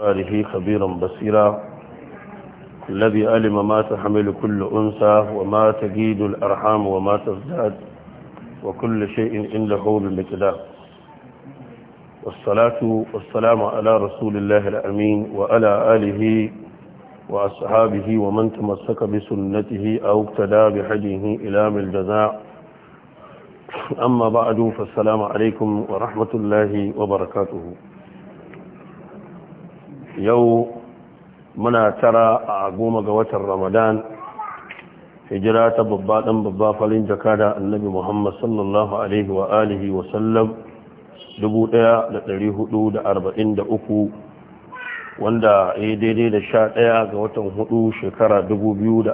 صالحي خبيرا بصيرا الذي علم ما تحمل كل أنثى وما تجيد الأرحام وما تزداد وكل شيء عنده بمقدار والصلاة والسلام على رسول الله الأمين وعلى آله وأصحابه ومن تمسك بسنته أو اقتدى بحجه إلى من الجزاء أما بعد فالسلام عليكم ورحمة الله وبركاته yau muna tara a goma ga watan ramadan hijira ta babba ɗan babba farin jakada annabi muhammad sallallahu alaihi wa alihi wa sallam 1443 wanda ya daidai da sha ɗaya ga watan hudu shekara 2022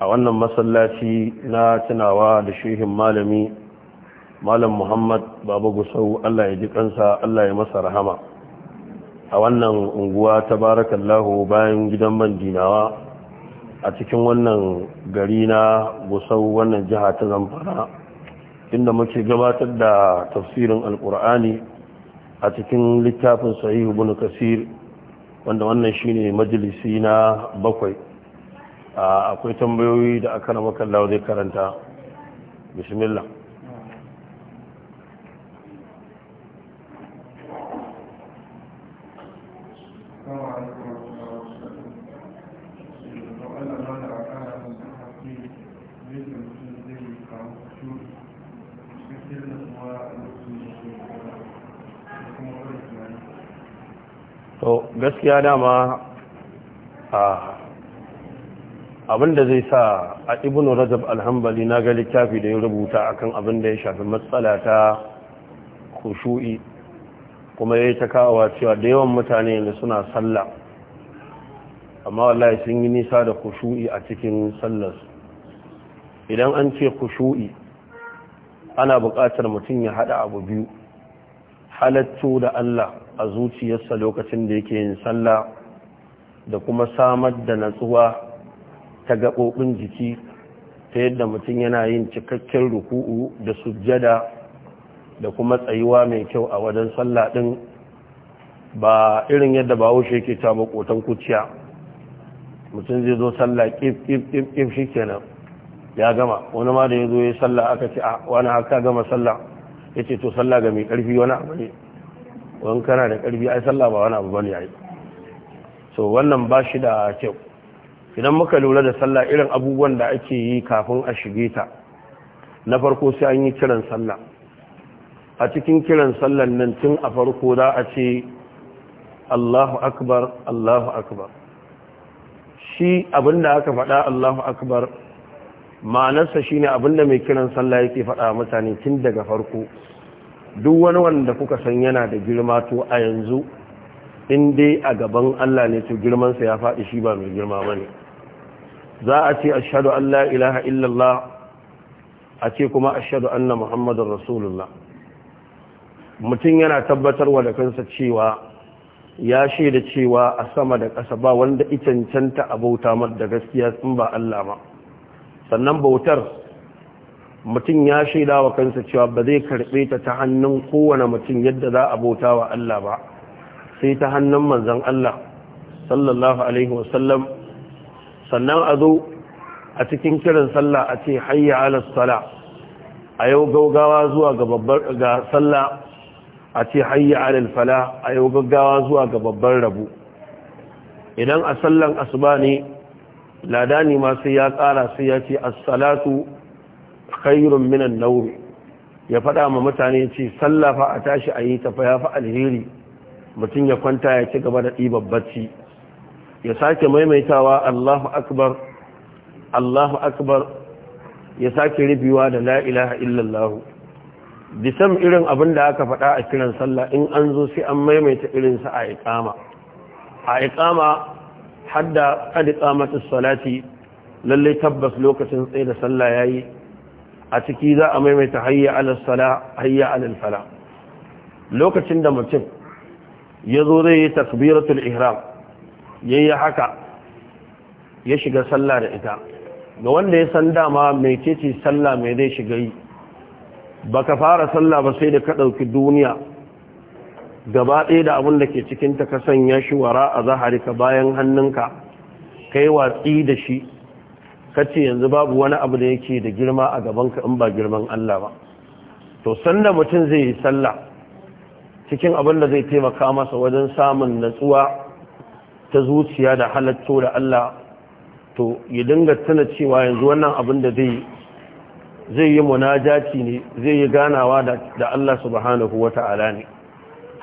a wannan masallaci na tunawa da shehin malami malam muhammad baba gusau allah ya ji kansa allah ya masa rahama a wannan unguwa ta barakallahu bayan gidan man dinawa a cikin wannan gari na gusau wannan jiha ta zamfara inda muke gabatar da tafsirin alkur'ani a cikin littafin sahihu bin kasir wanda wannan shine majalisi na bakwai akwai tambayoyi da aka na kallawa zai karanta bismillah gaskiya dama a abinda zai sa a ibn rajab alhambali na ga littafi da ya rubuta akan abin da ya shafi matsala ta kushu'i kuma ya yi ta kawowa cewa da yawan mutane da suna sallah amma wallahi sun yi nisa da kushu'i a cikin sallar idan an ce kushu'i ana buƙatar mutum ya haɗa abu biyu halatto da Allah a zuciyarsa lokacin da yake yin sallah da kuma samar da natsuwa ta gaɓoɓin jiki ta yadda mutum yana yin cikakken ruku'u da sujjada da kuma tsayuwa mai kyau a wajen sallah ɗin ba irin yadda ba wushe ke ta makotan kuciya mutum zai zo sallah ƙif ƙif ƙif shi kenan ya gama wani ma da ya zo ya sallah aka ce a ah, wani haka gama sallah ya ce to sallah ga mai ƙarfi wani abu ne wani kana da ƙarfi ai sallah ba wani abu ya yi so wannan ba shi da kyau idan muka lura da sallah irin abubuwan da ake yi kafin a shige ta na farko sai an yi kiran sallah a cikin kiran sallan nan tun a farko za a ce Allahu akbar Allahu akbar shi abinda aka faɗa Allahu akbar ma'anarsa shine abinda mai kiran sallah yake faɗa mutane tun daga farko duk wani wanda kuka san yana da girma to a yanzu in dai a gaban Allah ne to girmansa ya faɗi shi ba mai girma ba ne za a ce ashadu la ilaha illallah a ce kuma ashadu anna muhammadun rasulullah mutum yana tabbatarwa da kansa cewa ya shaida cewa a sama da ƙasa ba wanda icancanta a bauta mar da gaskiya sun ba Allah ba sannan bautar mutum ya shaida wa kansa cewa ba zai karɓe ta ta hannun kowane mutum yadda za a bauta wa Allah ba sai ta hannun manzan Allah sallallahu alaihi wasallam sannan a zo a cikin kiran sallah a ce hayya ala sala a yau gaugawa zuwa ga babbar ga sallah a ce hayya ala fala a yau gaugawa zuwa ga babbar rabu idan a sallan asuba ne ladani ma sai ya kara sai ya ce as-salatu khairun minan Nauru ya faɗa ma mutane ce sallafa a tashi a yi tafa ya fi alheri mutum ya kwanta ya ci gaba da ɗibar bacci ya sake maimaitawa allahu akbar allahu akbar ya sake ribiwa da la ilaha illallahu bisam irin abin da aka faɗa a kiran sallah in an zo sai an maimaita irinsa a ikama. a ikama, hadda ƙadi ƙamatar salati lallai tabbas lokacin tsaye da sallah ya yi a ciki za a maimaita hayya alasala hayya alalfala lokacin da mutum ya zo zai yi takbiratul ihram ya yi haka ya shiga sallah da ita ga wanda ya san dama mai ceci sallah mai zai shiga yi ba ka fara sallah ba sai da ka ɗauki duniya gaba ɗaya da abin da ke cikinta ka sanya shi wara a zaharika bayan hannunka kai watsi da shi kace yanzu babu wani abu da yake da girma a gabanka in ba girman Allah ba to sanda mutum zai yi sallah cikin abin da zai taimaka masa wajen samun natsuwa ta zuciya da halatto da Allah to ya dinga tana cewa yanzu wannan abin da zai zai yi munajaci ne zai yi ganawa da Allah subhanahu wata'ala ne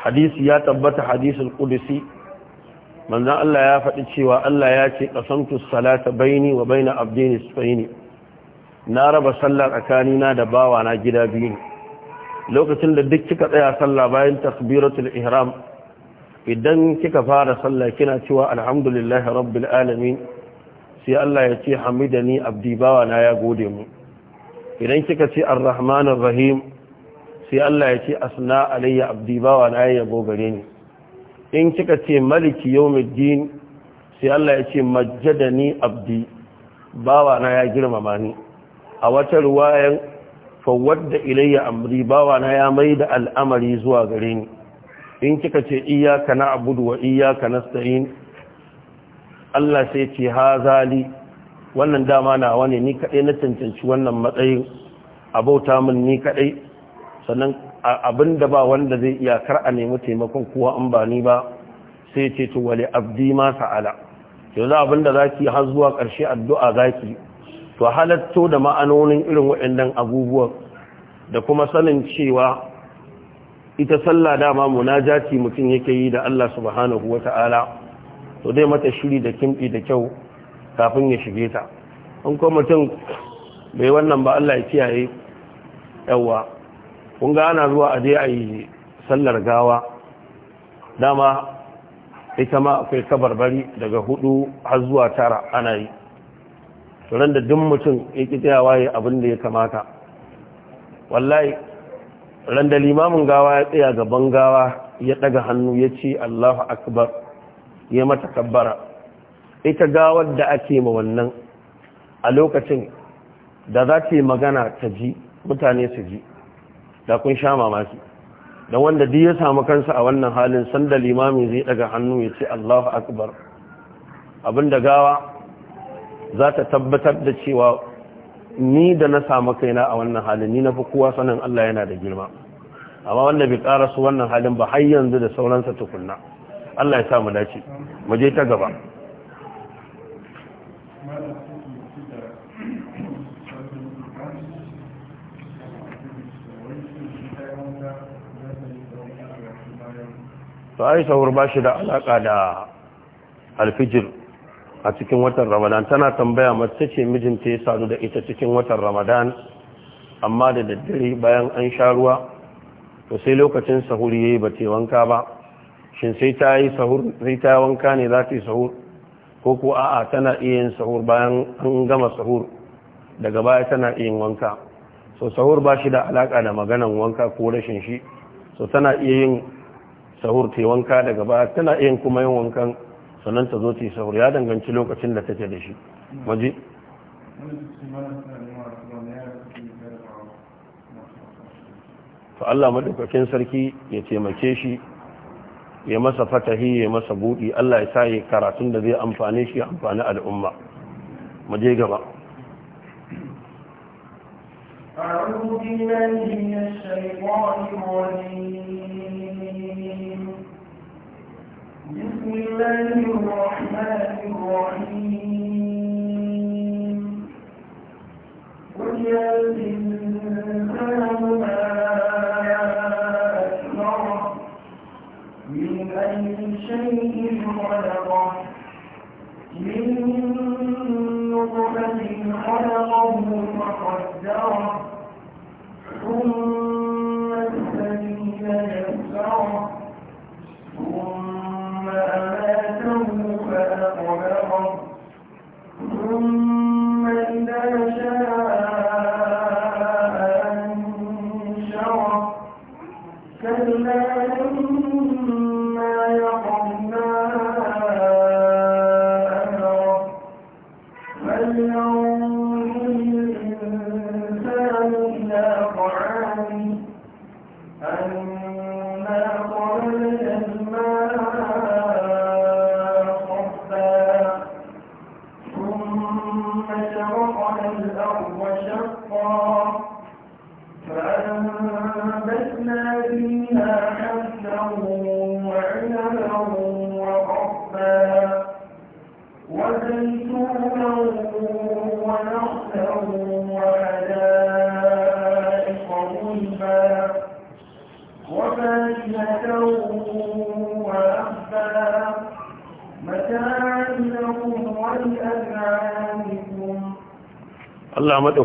hadisi ya tabbata hadisul qudsi manzan Allah ya faɗi cewa Allah ya ce ƙasamtu salata baini wa baina abdini sufaini na raba sallah tsakanina da bawa na gida biyu lokacin da duk kika tsaya sallah bayan takbiratul ihram idan kika fara sallah kina cewa alhamdulillahi rabbil alamin sai Allah ya ce hamidani abdi na ya gode mu idan kika ce arrahmanir rahim sai Allah ya ce asna alayya abdi na ya yabo gare ni in kika ce maliki yau din sai Allah ya ce ni abdi bawa ya girmama ni a wata ruwayan da ilayya amri bawana na ya maida al'amari zuwa gare ni in kika ce na abudu wa na nasta'in Allah sai ce ha zali. wannan dama na wani ni kadai na cancanci wannan matsayin abauta min ni kadai sannan abin da ba wanda zai iya kar a nemi taimakon kuwa an ba ni ba sai ce to wale abdi ma sa'ala yanzu abin da zaki har zuwa ƙarshe addu'a zaki to halatto da ma'anonin irin waɗannan abubuwan da kuma sanin cewa ita sallah dama munajati mutum yake yi da Allah subhanahu wata'ala to dai mata shiri da kimɗi da kyau kafin ya shige ta in kuma mutum bai wannan ba Allah ya kiyaye yawa kun ga ana zuwa aje a yi sallar gawa dama ita ma akwai kabarbari daga hudu har zuwa tara ana yi turan da duk mutum ya ki tsayawa ya abin da ya kamata wallahi ran da limamin gawa ya tsaya gaban gawa ya ɗaga hannu ya ce allahu akbar ya mata kabbara ita gawar da ake ma wannan a lokacin da za ta yi magana ta ji mutane su ji da kun sha mamaki don wanda duk ya samu kansa a wannan halin sanda limamin zai daga hannu ya ce Allahu akbar abinda gawa za ta tabbatar da cewa ni da na samu kaina a wannan halin ni na fi kowa sanin Allah yana da girma amma wanda bai karasu su wannan halin ba har yanzu da sauransa tukunna Allah ya sa dace mu je ta gaba to ai sahur ba shi da alaka da alfijir a cikin watan ramadan tana tambaya mace ce mijinta ya sadu da ita cikin watan ramadan amma da daddare bayan an sha ruwa to sai lokacin sahur yayi ba ta wanka ba shin sai ta yi sahur sai ta wanka ne za ta yi sahur ko ko a'a tana iya yin sahur bayan an gama sahur daga baya tana iya yin wanka so sahur ba shi da alaka da maganan wanka ko rashin shi so tana iya yin sahur ta wanka daga baya tana iya kuma yin wankan sannan ta zo ta sahur ya danganci lokacin da take da shi maji to Allah madaukakin sarki ya taimake shi ya masa fatahi ya masa buɗi Allah ya sa ya karatun da zai amfane shi amfani al'umma mu gaba أعوذ بالله من الشيطان الرجيم الله الرحمن الرحيم قل يا ما من أي شيء خلقه من نطفة خلقه فقدره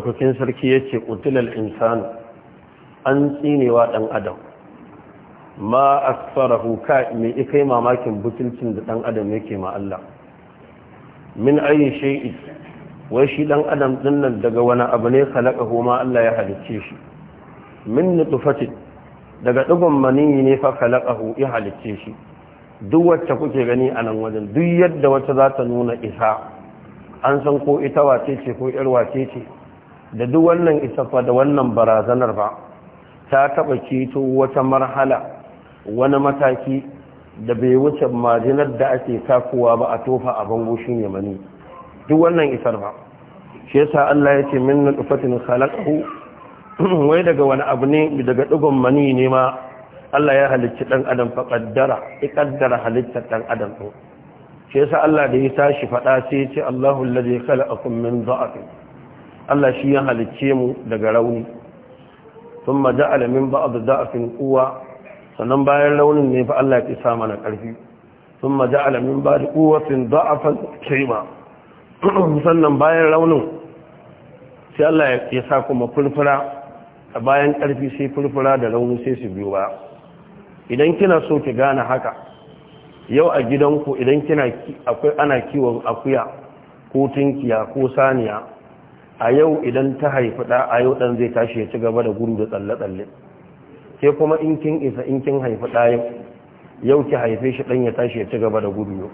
maɗaukakin sarki ya ce ƙutilal insanu an tsinewa ɗan adam ma a ka mai ikai mamakin butulcin da ɗan adam yake ma Allah min ayi shai'i wai shi ɗan adam ɗinnan daga wani abu ne khalaqahu ma Allah ya halicce shi min nutfatin daga ɗigon maniyi ne fa khalaqahu ya halicce shi duk wacce kuke gani a nan wajen duk yadda wata za ta nuna isa an san ko ita wace ce ko yar wace ce da duk wannan isafa da wannan barazanar ba ta taba ceto wata marhala wani mataki da bai wuce majinar da ake takowa ba a tofa a bango ne mani duk wannan isar ba shi yasa Allah ya ce min nutfatin khalaqahu wai daga wani abu ne daga dugon mani ne ma Allah ya halicci dan adam fa qaddara qaddara halitta dan adam to shi yasa Allah da ya tashi fada sai ya ce Allahu allazi khalaqakum min dha'fin Allah shi ya halicce mu daga rauni sun maja alamin ba abu da'afin kuwa sannan bayan raunin ne fa Allah ya sa mana ƙarfi sun maja alamin ba da kuwatin da'afan kaima sannan bayan raunin sai Allah ya sa kuma furfura a bayan ƙarfi sai furfura da rauni sai su biyu ba idan kina so ki gane haka yau a gidanku idan kina akwai ana kiwon akuya ko tinkiya ko saniya a yau idan ta haifi ɗa a yau ɗan zai tashi ya ci gaba da gudu da tsalle-tsalle sai kuma in kin isa in kin haifi ɗa yau yau ki haife shi ɗan ya tashi ya ci gaba da gudu yau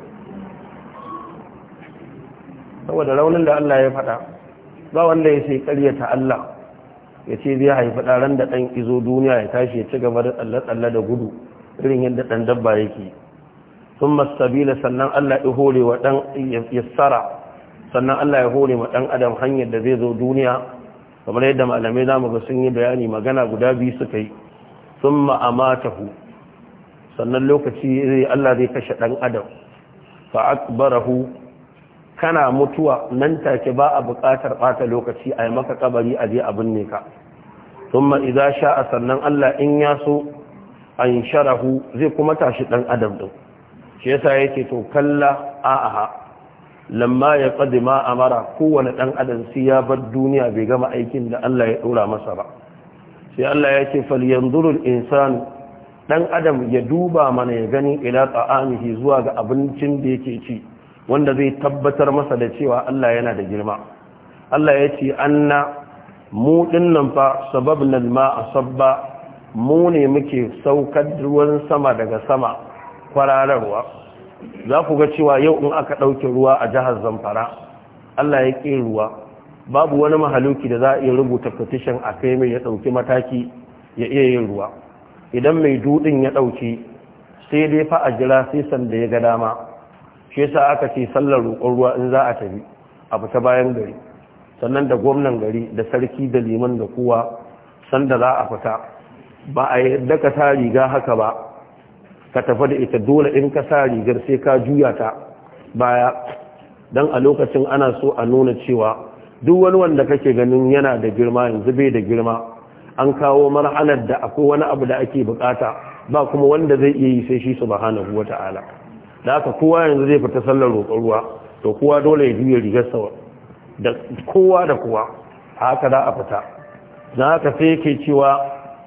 saboda raunin da Allah ya faɗa ba wanda ya sai ƙaryata Allah ya ce zai haifi ran da ɗan izo duniya ya tashi ya ci gaba da tsalle-tsalle da gudu irin yadda ɗan dabba yake sun masabila sannan Allah ya hore wa ɗan yassara sannan Allah ya hore ma ɗan adam hanyar da zai zo duniya kamar yadda malamai zamu ga sun yi bayani magana guda biyu suka yi sun ma'amata hu sannan lokaci Allah zai kashe dan adam fa hu kana mutuwa nan take ba a buƙatar bata lokaci a yi maka kabari a je a binne ka thumma sha sha'a sannan Allah in ya so an sharahu zai kuma tashi ɗan adam ɗin. shi yasa yake to kalla a'a lamma ya a amara kowane ɗan adam sai ya bar duniya bai gama aikin da Allah ya dora masa ba sai Allah ya ce fal falyanzurul insanu dan adam ya duba mana ya gani ila ta'amihi zuwa ga abincin da yake ci wanda zai tabbatar masa da cewa Allah yana da girma Allah ya ce anna mu dinnan fa sababnal a sabba mu ne muke saukar ruwan sama daga sama kwarararwa za ku ga cewa yau in aka ɗauke ruwa a jihar zamfara allah ya ƙin ruwa babu wani mahaluki da za a iya rubuta petition a kai mai ya ɗauki mataki ya iya yin ruwa idan mai dudin ya ɗauki sai dai fa a jira sai sanda ya ga dama shi yasa aka ce sallar roƙon ruwa in za a tafi a fita bayan gari sannan da gwamnan gari da sarki da liman da kowa sanda za a fita ba a yi ka riga haka ba ka tafi da ita dole in ka sa rigar sai ka juya ta baya don a lokacin ana so a nuna cewa duk wani wanda kake ganin yana da girma yanzu bai da girma an kawo marhalar da akwai wani abu da ake bukata ba kuma wanda zai iya yi sai shi su subhanahu ta'ala da aka kowa yanzu zai fita sallar roƙon ruwa to kowa dole ya juya rigar sawa da kowa da kowa haka za a fita na haka sai yake cewa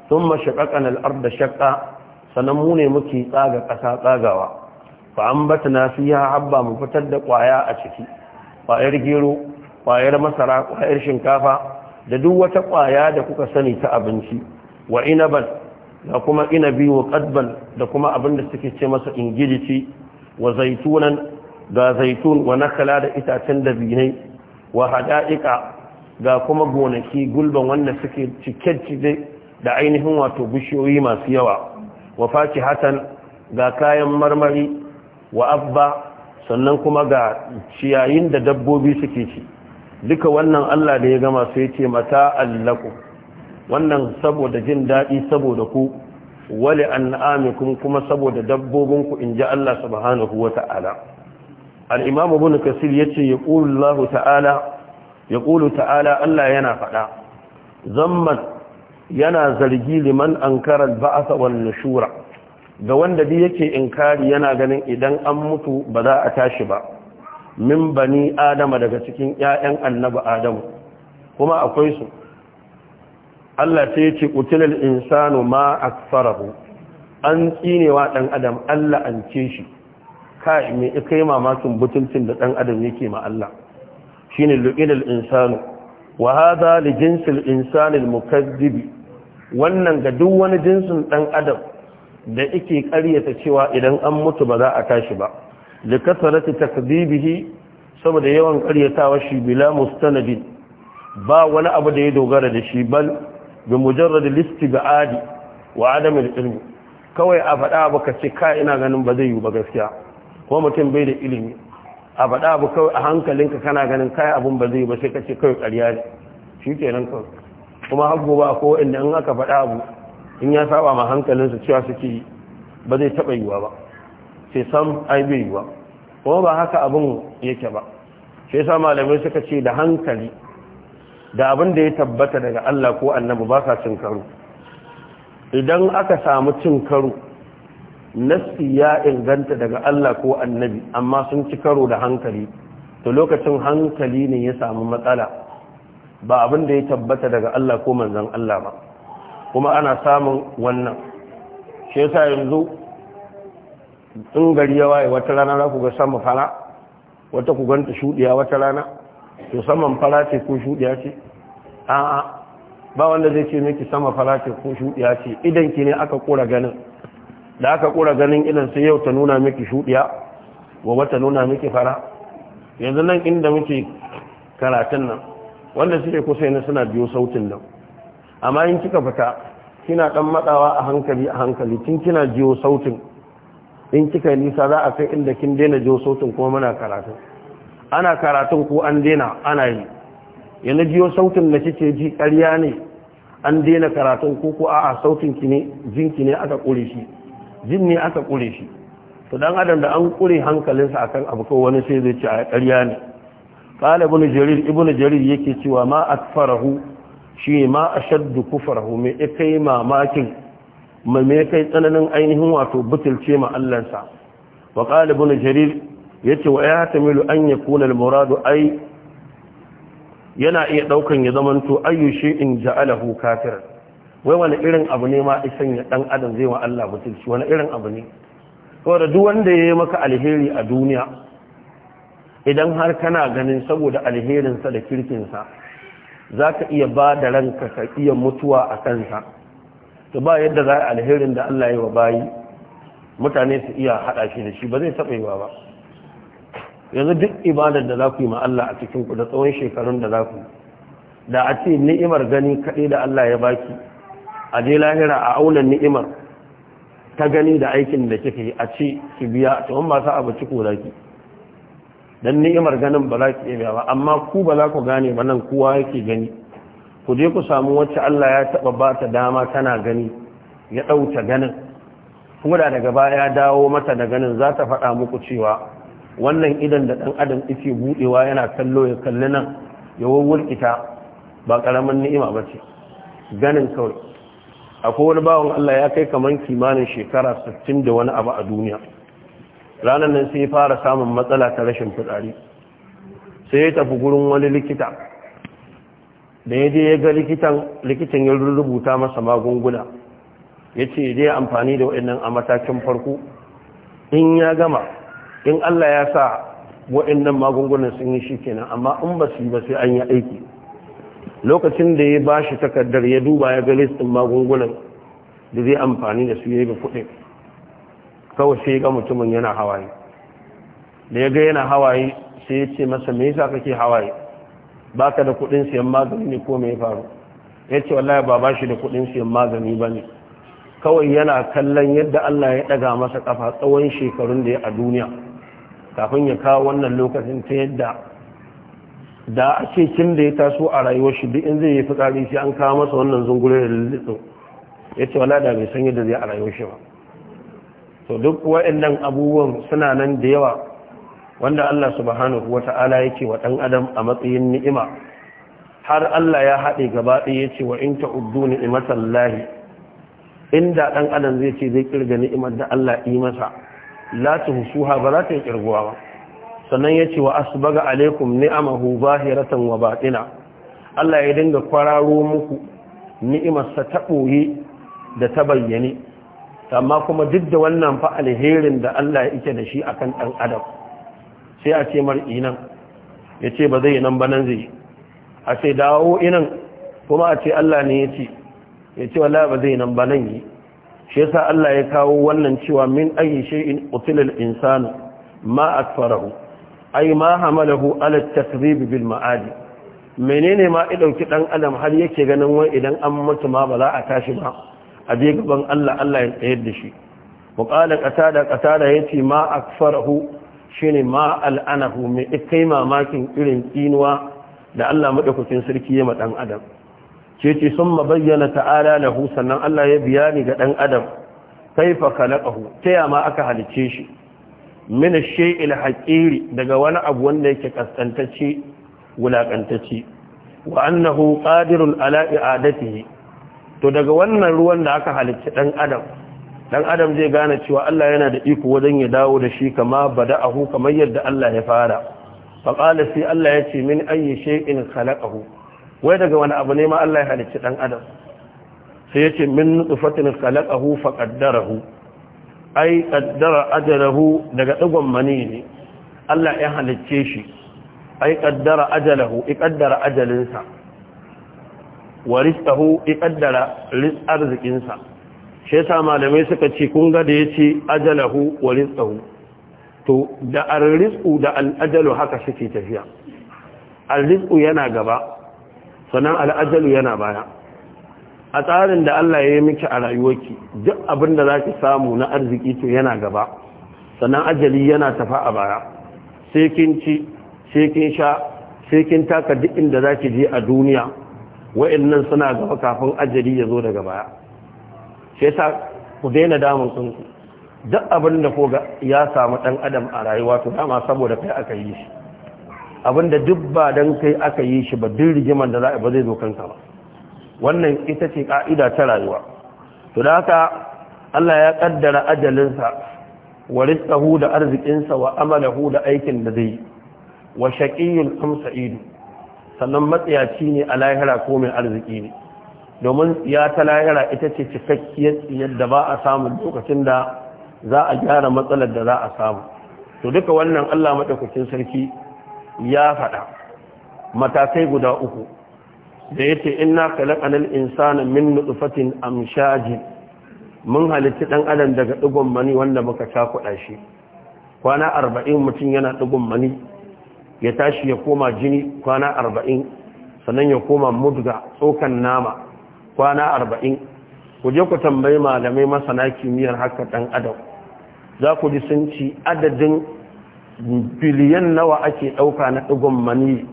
sun mashaƙaƙan al'ar da shaƙa sannan mu ne muke tsaga ƙasa tsagawa fa an bata na fiya habba mu fitar da kwaya a ciki kwayar gero kwayar masara kwayar shinkafa da duk wata kwaya da kuka sani ta abinci wa inaban da kuma inabi wa qadban da kuma abin da suke ce masa ingilici wa zaitunan ga zaitun wa nakala da itacen da dabinai wa hada'ika ga kuma gonaki gulban wanda suke cike da ainihin wato bishiyoyi masu yawa wa hatan ga kayan marmari wa abba sannan kuma ga ciyayin da dabbobi suke ci duka wannan Allah da ya gama su yace mata allaku wannan saboda jin daɗi saboda ku wale an amikun kuma saboda dabbobinku in ji Allah subhanahu wa ta'ala, imam ibn kasir yace ce ya ta'ala ta'ala Allah yana faɗa zammat yana zargi liman ankarar ba'asa wal shura. ga wanda bi yake inkari yana ganin idan an mutu ba za a tashi ba min bani adama daga cikin 'ya'yan annabi adamu kuma akwai su Allah sai yace kutilar insanu ma farahu an tsinewa ɗan adam Allah an ce shi kai mai kai mamakin butuncin da ɗan adam yake ma Allah ne lu'inar insanu wa hada li jinsil insani al wannan ga duk wani jinsin dan adam da yake ƙaryata cewa idan an mutu ba za a tashi ba li kasarati takdibihi saboda yawan ƙaryatawa shi bila mustanadin ba wani abu da ya dogara da shi bal bi mujarrad al-istibaadi wa adam al kawai a faɗa baka ce ka ina ganin ba zai yi ba gaskiya ko mutum bai da ilimi a faɗa abu kawai a hankalinka kana ganin kai abin ba zai ba sai ka ce kawai ƙarya ne shi ke nan kawai kuma har gobe kowa inda in aka faɗa abu in ya saba ma hankalinsa cewa suke ba zai taɓa yiwa ba sai sam ai bai yiwa kuma ba haka abin yake ba sai sa malamai suka ce da hankali da abin da ya tabbata daga Allah ko annabi ba sa cin karo idan aka samu cin karo nassi ya inganta daga Allah ko annabi amma sun ci karo da hankali to lokacin hankali ne ya samu matsala ba abin da ya tabbata daga Allah ko manzon Allah ba kuma ana samun wannan shi yasa yanzu in gari ya waye wata rana za ku ga sama fara wata ku ganta shudiya wata rana to saman fara ce ko shudiya ce a'a ba wanda zai ce miki sama fara ce ko shudiya ce idan ki ne aka kora ganin da aka kura ganin idan sai yau ta nuna miki shudiya gobe ta nuna miki fara yanzu nan inda muke karatun nan wanda suke kusa yana suna biyo sautin nan amma in kika fita kina dan matsawa a hankali a hankali tun kina jiyo sautin in kika nisa za a kai inda kin daina jiyo sautin kuma muna karatu ana karatun ko an daina ana yi yanzu jiyo sautin da kike ji ƙarya ne an daina karatun ko ko a'a sautin ki ne jinki ne aka kure shi jinni aka kure shi to dan adam da an kure hankalinsa akan abu ko wani sai zai ce a ƙarya ne qala ibn jarir ibn jarir yake cewa ma atfarahu shi ma ashaddu kufrahu me kai mamakin me kai tsananin ainihin wato butulce ma Allah sa wa qala ibn jarir yace wa ya tamilu an yakuna al-muradu ai yana iya daukan ya zamanto ayyu shay'in ja'alahu kafiran wai wani irin abu ne ma isan ya dan adam zai wa Allah mutunci wani irin abu ne saboda duk wanda ya yi maka alheri a duniya idan har kana ganin saboda alherinsa da kirkinsa za ka iya ba da ranka ka iya mutuwa a kansa to ba yadda za a alherin da Allah ya wa bayi mutane su iya haɗa shi da shi ba zai taɓa yiwa ba yanzu duk ibadar da za ku yi ma Allah a cikin ku da tsawon shekarun da za ku da a ce ni'imar gani kaɗai da Allah ya baki a je lahira a aunan ni'imar ta gani da aikin da kika yi a ci ki biya to an ba sa abu ci ko zaki dan ni'imar ganin ba za ki iya ba amma ku ba za ku gane ba nan kowa yake gani ku je ku samu wacce Allah ya taba ba ta dama tana gani ya ɗauta ganin kuma da daga baya ya dawo mata da ganin za ta faɗa muku cewa wannan idan da ɗan adam yake buɗewa yana kallo ya kalli nan ya wawwulkita ba ƙaramin ni'ima ba ce ganin kawai akwai wani bawan Allah ya kai kamar kimanin shekara 60 da wani abu a duniya ranar nan sai ya fara samun matsala ta rashin fitsari sai ya tafi gurin wani likita da ya je ya ga likitan likitan ya rubuta masa magunguna ya ce zai amfani da waɗannan a matakin farko in ya gama in Allah ya sa waɗannan magungunan sun yi shi kenan amma in ba su yi ba sai an yi aiki lokacin da ya ba shi takardar ya duba ya ga sun magungunan da zai amfani da su ya yi kuɗi kawai sai ga mutumin yana hawaye da ya ga yana hawaye sai ya ce masa me yasa kake hawaye ba ka da kuɗin siyan magani ne ko mai faru ya ce wallahi ba ba shi da kuɗin siyan magani ba ne kawai yana kallon yadda Allah ya ɗaga masa kafa tsawon shekarun da ya a duniya kafin ya kawo wannan lokacin ta yadda da a ce kin da ya taso a rayuwar shi duk in zai yi fitsari sai an kawo masa wannan zungure da lulluɗin ya ce wala da bai san yadda zai a rayuwar shi ba to duk wa'annan abubuwan suna nan da yawa wanda Allah subhanahu wa wata'ala yake wa ɗan adam a matsayin ni'ima har Allah ya haɗe gaba ɗaya yace wa in ta ta'uddu ni'matallahi inda ɗan adam zai ce zai kirga ni'imar da Allah yi masa la husuha, ba za ta kirguwa ba sannan ya ce wa asbaga alaikum ni'amahu zahiratan wa baɗina. Allah ya dinga kwararo muku ni'imarsa ta ɓoye da ta bayyane amma kuma duk da wannan fa alherin da Allah ya ike da shi akan ɗan adam sai a ce mar inan ya ce ba zai nan ba nan zai a ce dawo inan kuma a ce Allah ne ya ce ya ce wala ba zai nan ba nan yi shi yasa Allah ya kawo wannan cewa min ayyi shay'in utilal insanu ma asfarahu ai ma hamalahu ala tasribi bil ma'adi menene ma idan ki dan adam har yake ganin wai idan an mutu ma ba za a tashi ba a je gaban Allah Allah ya tsayar da shi wa qala qatada qatada yace ma akfarahu shine ma al'anahu me kai mamakin irin tsinuwa da Allah madaukakin sarki ya ma dan adam ce ce sun mabayyana ta'ala lahu sannan Allah ya biya ni ga dan adam kaifa khalaqahu taya ma aka halice shi Mina shay'il haƙiri daga wani abu wanda yake kaskantacce wulakantacce wa annahu qadirun ala i'adatihi to daga wannan ruwan da aka halicci dan adam dan adam zai gane cewa Allah yana da iko wajen ya dawo da shi kama bada'ahu kamar yadda Allah ya fara fa qala sai Allah ya ce min ayyi shay'in khalaqahu wai daga wani abu ne ma Allah ya halicci dan adam sai ya ce min nutfatin khalaqahu fa qaddarahu ai kaddara ajalahu daga dagon mani ne Allah ya halicce shi ai kaddara ajalahu kaddara ajalinsa wa rizqahu iqaddara arzikinsa shi yasa malamai suka ce kun ga da yace ajalahu wa rizqahu to da arrizqu da al-ajalu haka ke tafiya arrizqu yana gaba sannan al-ajalu yana baya a tsarin da Allah ya yi miki a rayuwarki duk abin da za ki samu na arziki to yana gaba sannan ajali yana tafa a baya sai kin ci sai kin sha sai kin taka duk inda za ki je a duniya wa'annan suna gaba kafin ajali ya zo daga baya sai sa ku daina damun sun duk abin da koga ya samu dan adam a rayuwa to dama saboda kai aka yi shi abin da duk ba dan kai aka yi shi ba duk rigimar da za a ba zai zo kanka ba wannan ita ce ƙa'ida ta rayuwa to da haka Allah ya ƙaddara ajalinsa wa rizqahu da arzikinsa wa amalahu da aikin da zai wa shaƙiyun amsa sa'id sannan matsiyaci ne a lahira ko mai arziki ne domin ya ta lahira ita ce cikakkiyar yadda ba a samu lokacin da za a gyara matsalar da za a samu to duka wannan Allah maɗaukacin sarki ya faɗa matakai guda uku da yace inna khalaqanal insana min nutfatin amshajin mun halitta dan adam daga digon mani wanda muka cakuɗa shi kwana 40 mutum yana digon mani ya tashi ya koma jini kwana 40 sannan ya koma mudga tsokan nama kwana 40 ku je ku tambayi malamai masana kimiyyar haka dan adam za ku ji sun ci adadin biliyan nawa ake ɗauka na digon mani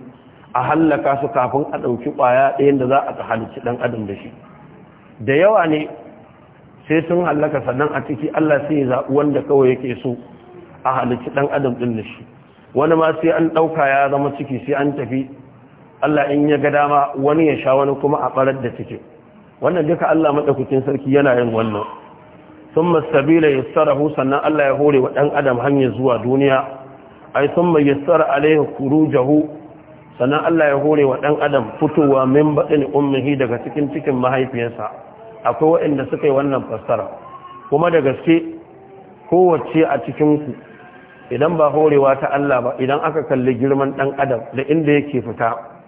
a hallaka su kafin a ɗauki ƙwaya ɗayan da za a halici ɗan adam da shi da yawa ne sai sun hallaka sannan a ciki Allah sai ya zaɓi wanda kawai yake so a halici ɗan adam ɗin da shi wani ma sai an ɗauka ya zama ciki sai an tafi Allah in ya ga dama wani ya sha wani kuma a ɓarar da ciki wannan duka Allah maɗaukakin sarki yana yin wannan sun masabila ya sarahu sannan Allah ya hore wa ɗan adam hanyar zuwa duniya ai sun mai tsara alaihi jahu. sannan Allah ya hore wa ɗan adam fitowa min baɗin ummihi daga cikin cikin mahaifiyarsa akwai waɗanda suka yi wannan fassara kuma da gaske kowace a cikinku idan ba horewa ta Allah ba idan aka kalli girman ɗan adam da inda yake fita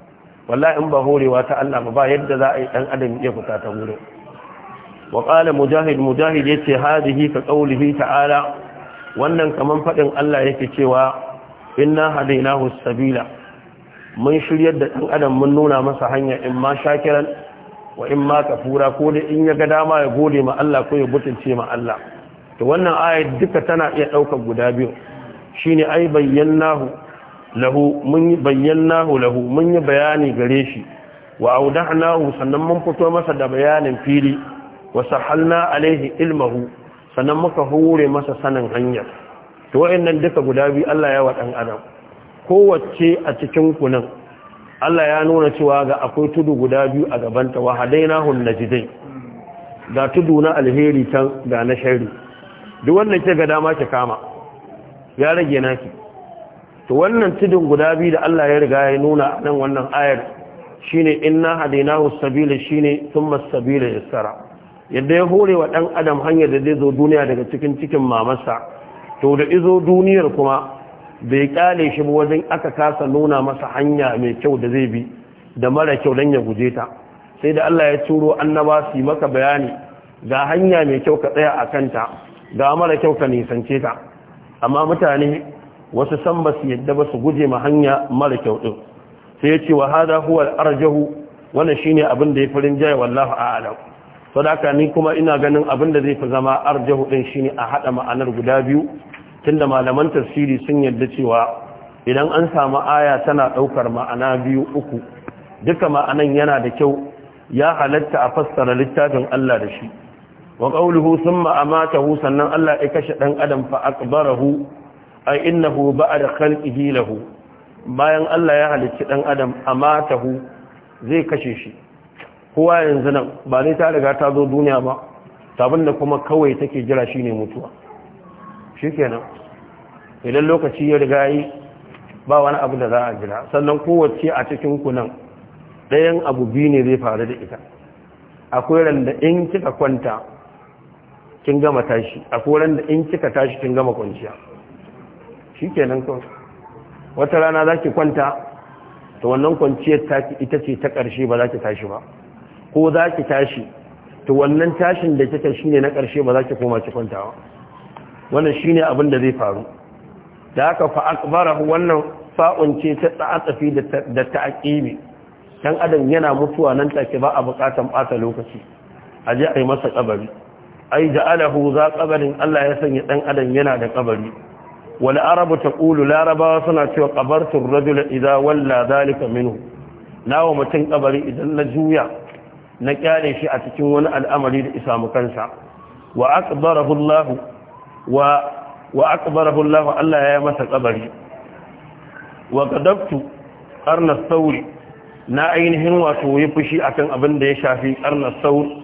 wallahi in ba horewa ta Allah ba ba yadda za a yi ɗan adam ya fita ta wurin mujahid mujahid yace hadihi هذه كقوله ta'ala. wannan kaman fadin Allah yake cewa inna hadaynahu sabila mun shiryar da ɗan adam mun nuna masa hanya in ma shakiran wa in ma kafura ko da in ya ga dama ya gode ma Allah ko ya butulce ma Allah to wannan ayat duka tana iya ɗaukar guda biyu shine ai bayyanahu lahu mun yi bayyanahu lahu mun yi bayani gare shi wa audahnahu sannan mun fito masa da bayanin fili wa sahalna alaihi ilmahu sannan muka hure masa sanin hanyar to wayannan duka guda biyu Allah ya wa dan adam kowace a cikin kunan Allah ya nuna cewa ga akwai tudu guda biyu a gabanta wa hadaina hun najidai ga tudu na alheri can ga na shari duk wannan ke ga dama ki kama ya rage naki to wannan tudun guda biyu da Allah ya riga ya nuna a nan wannan ayar shine inna hadainahu sabila shine thumma sabila yassara yadda ya hore wa dan adam hanyar da zai zo duniya daga cikin cikin mamarsa to da izo duniyar kuma bai kyale shi ba wajen aka kasa nuna masa hanya mai kyau da zai bi da mara kyau don ya guje ta sai da Allah ya turo annaba su yi maka bayani ga hanya mai kyau ka tsaya a kanta ga mara kyau ka nisance ta amma mutane wasu san ba su yadda ba su guje ma hanya mara kyau ɗin. sai ya ce wa hada huwa arjahu wannan shine abin da ya farin jaya wallahi a'lam sadaka ni kuma ina ganin abin da zai fi zama arjahu din shine a haɗa ma'anar guda biyu tunda malaman tafsiri sun yadda cewa idan an samu aya tana ɗaukar ma'ana biyu uku duka ma'anan yana da kyau ya halatta a fassara littafin Allah da shi wa qawluhu thumma amatahu sannan Allah ya kashe dan adam fa aqbarahu ay innahu ba'da khalqihi lahu bayan Allah ya halicci dan adam amatahu zai kashe shi kowa yanzu nan ba ne ta riga ta zo duniya ba tabin kuma kawai take jira shine mutuwa shikenan idan lokaci ya riga yi ba wani abu da za a jira sannan kowace a cikin ku nan ɗayan abu biyu ne zai faru da ita akwai randa in kika kwanta kin gama tashi akwai randa in kika tashi kin gama kwanciya shikenan kawai wata rana za ki kwanta to wannan kwanciyar ita ce ta ƙarshe ba za ki tashi ba ko za ki tashi to wannan tashin da kika ne na ƙarshe ba za ki koma ki kwanta ba wannan shine abin da zai faru da haka fa akbarahu wannan fa'un ce ta ta'atafi da ta'aqibi dan adam yana mutuwa nan take ba a bukatan bata lokaci a je a yi masa kabari ai ja'alahu za kabarin Allah ya sanya dan adam yana da kabari wal arabu taqulu larabawa suna cewa qabartu ar-rajul idza walla zalika minhu nawa mutun kabari idan na juya na kyale shi a cikin wani al'amari da isa mu kansa wa akbarahu Allah wa wa akbarahu Allah Allah ya yi masa kabari wa kadabtu karnar sauri na ainihin wato ya fushi akan abin da ya shafi karnar sauri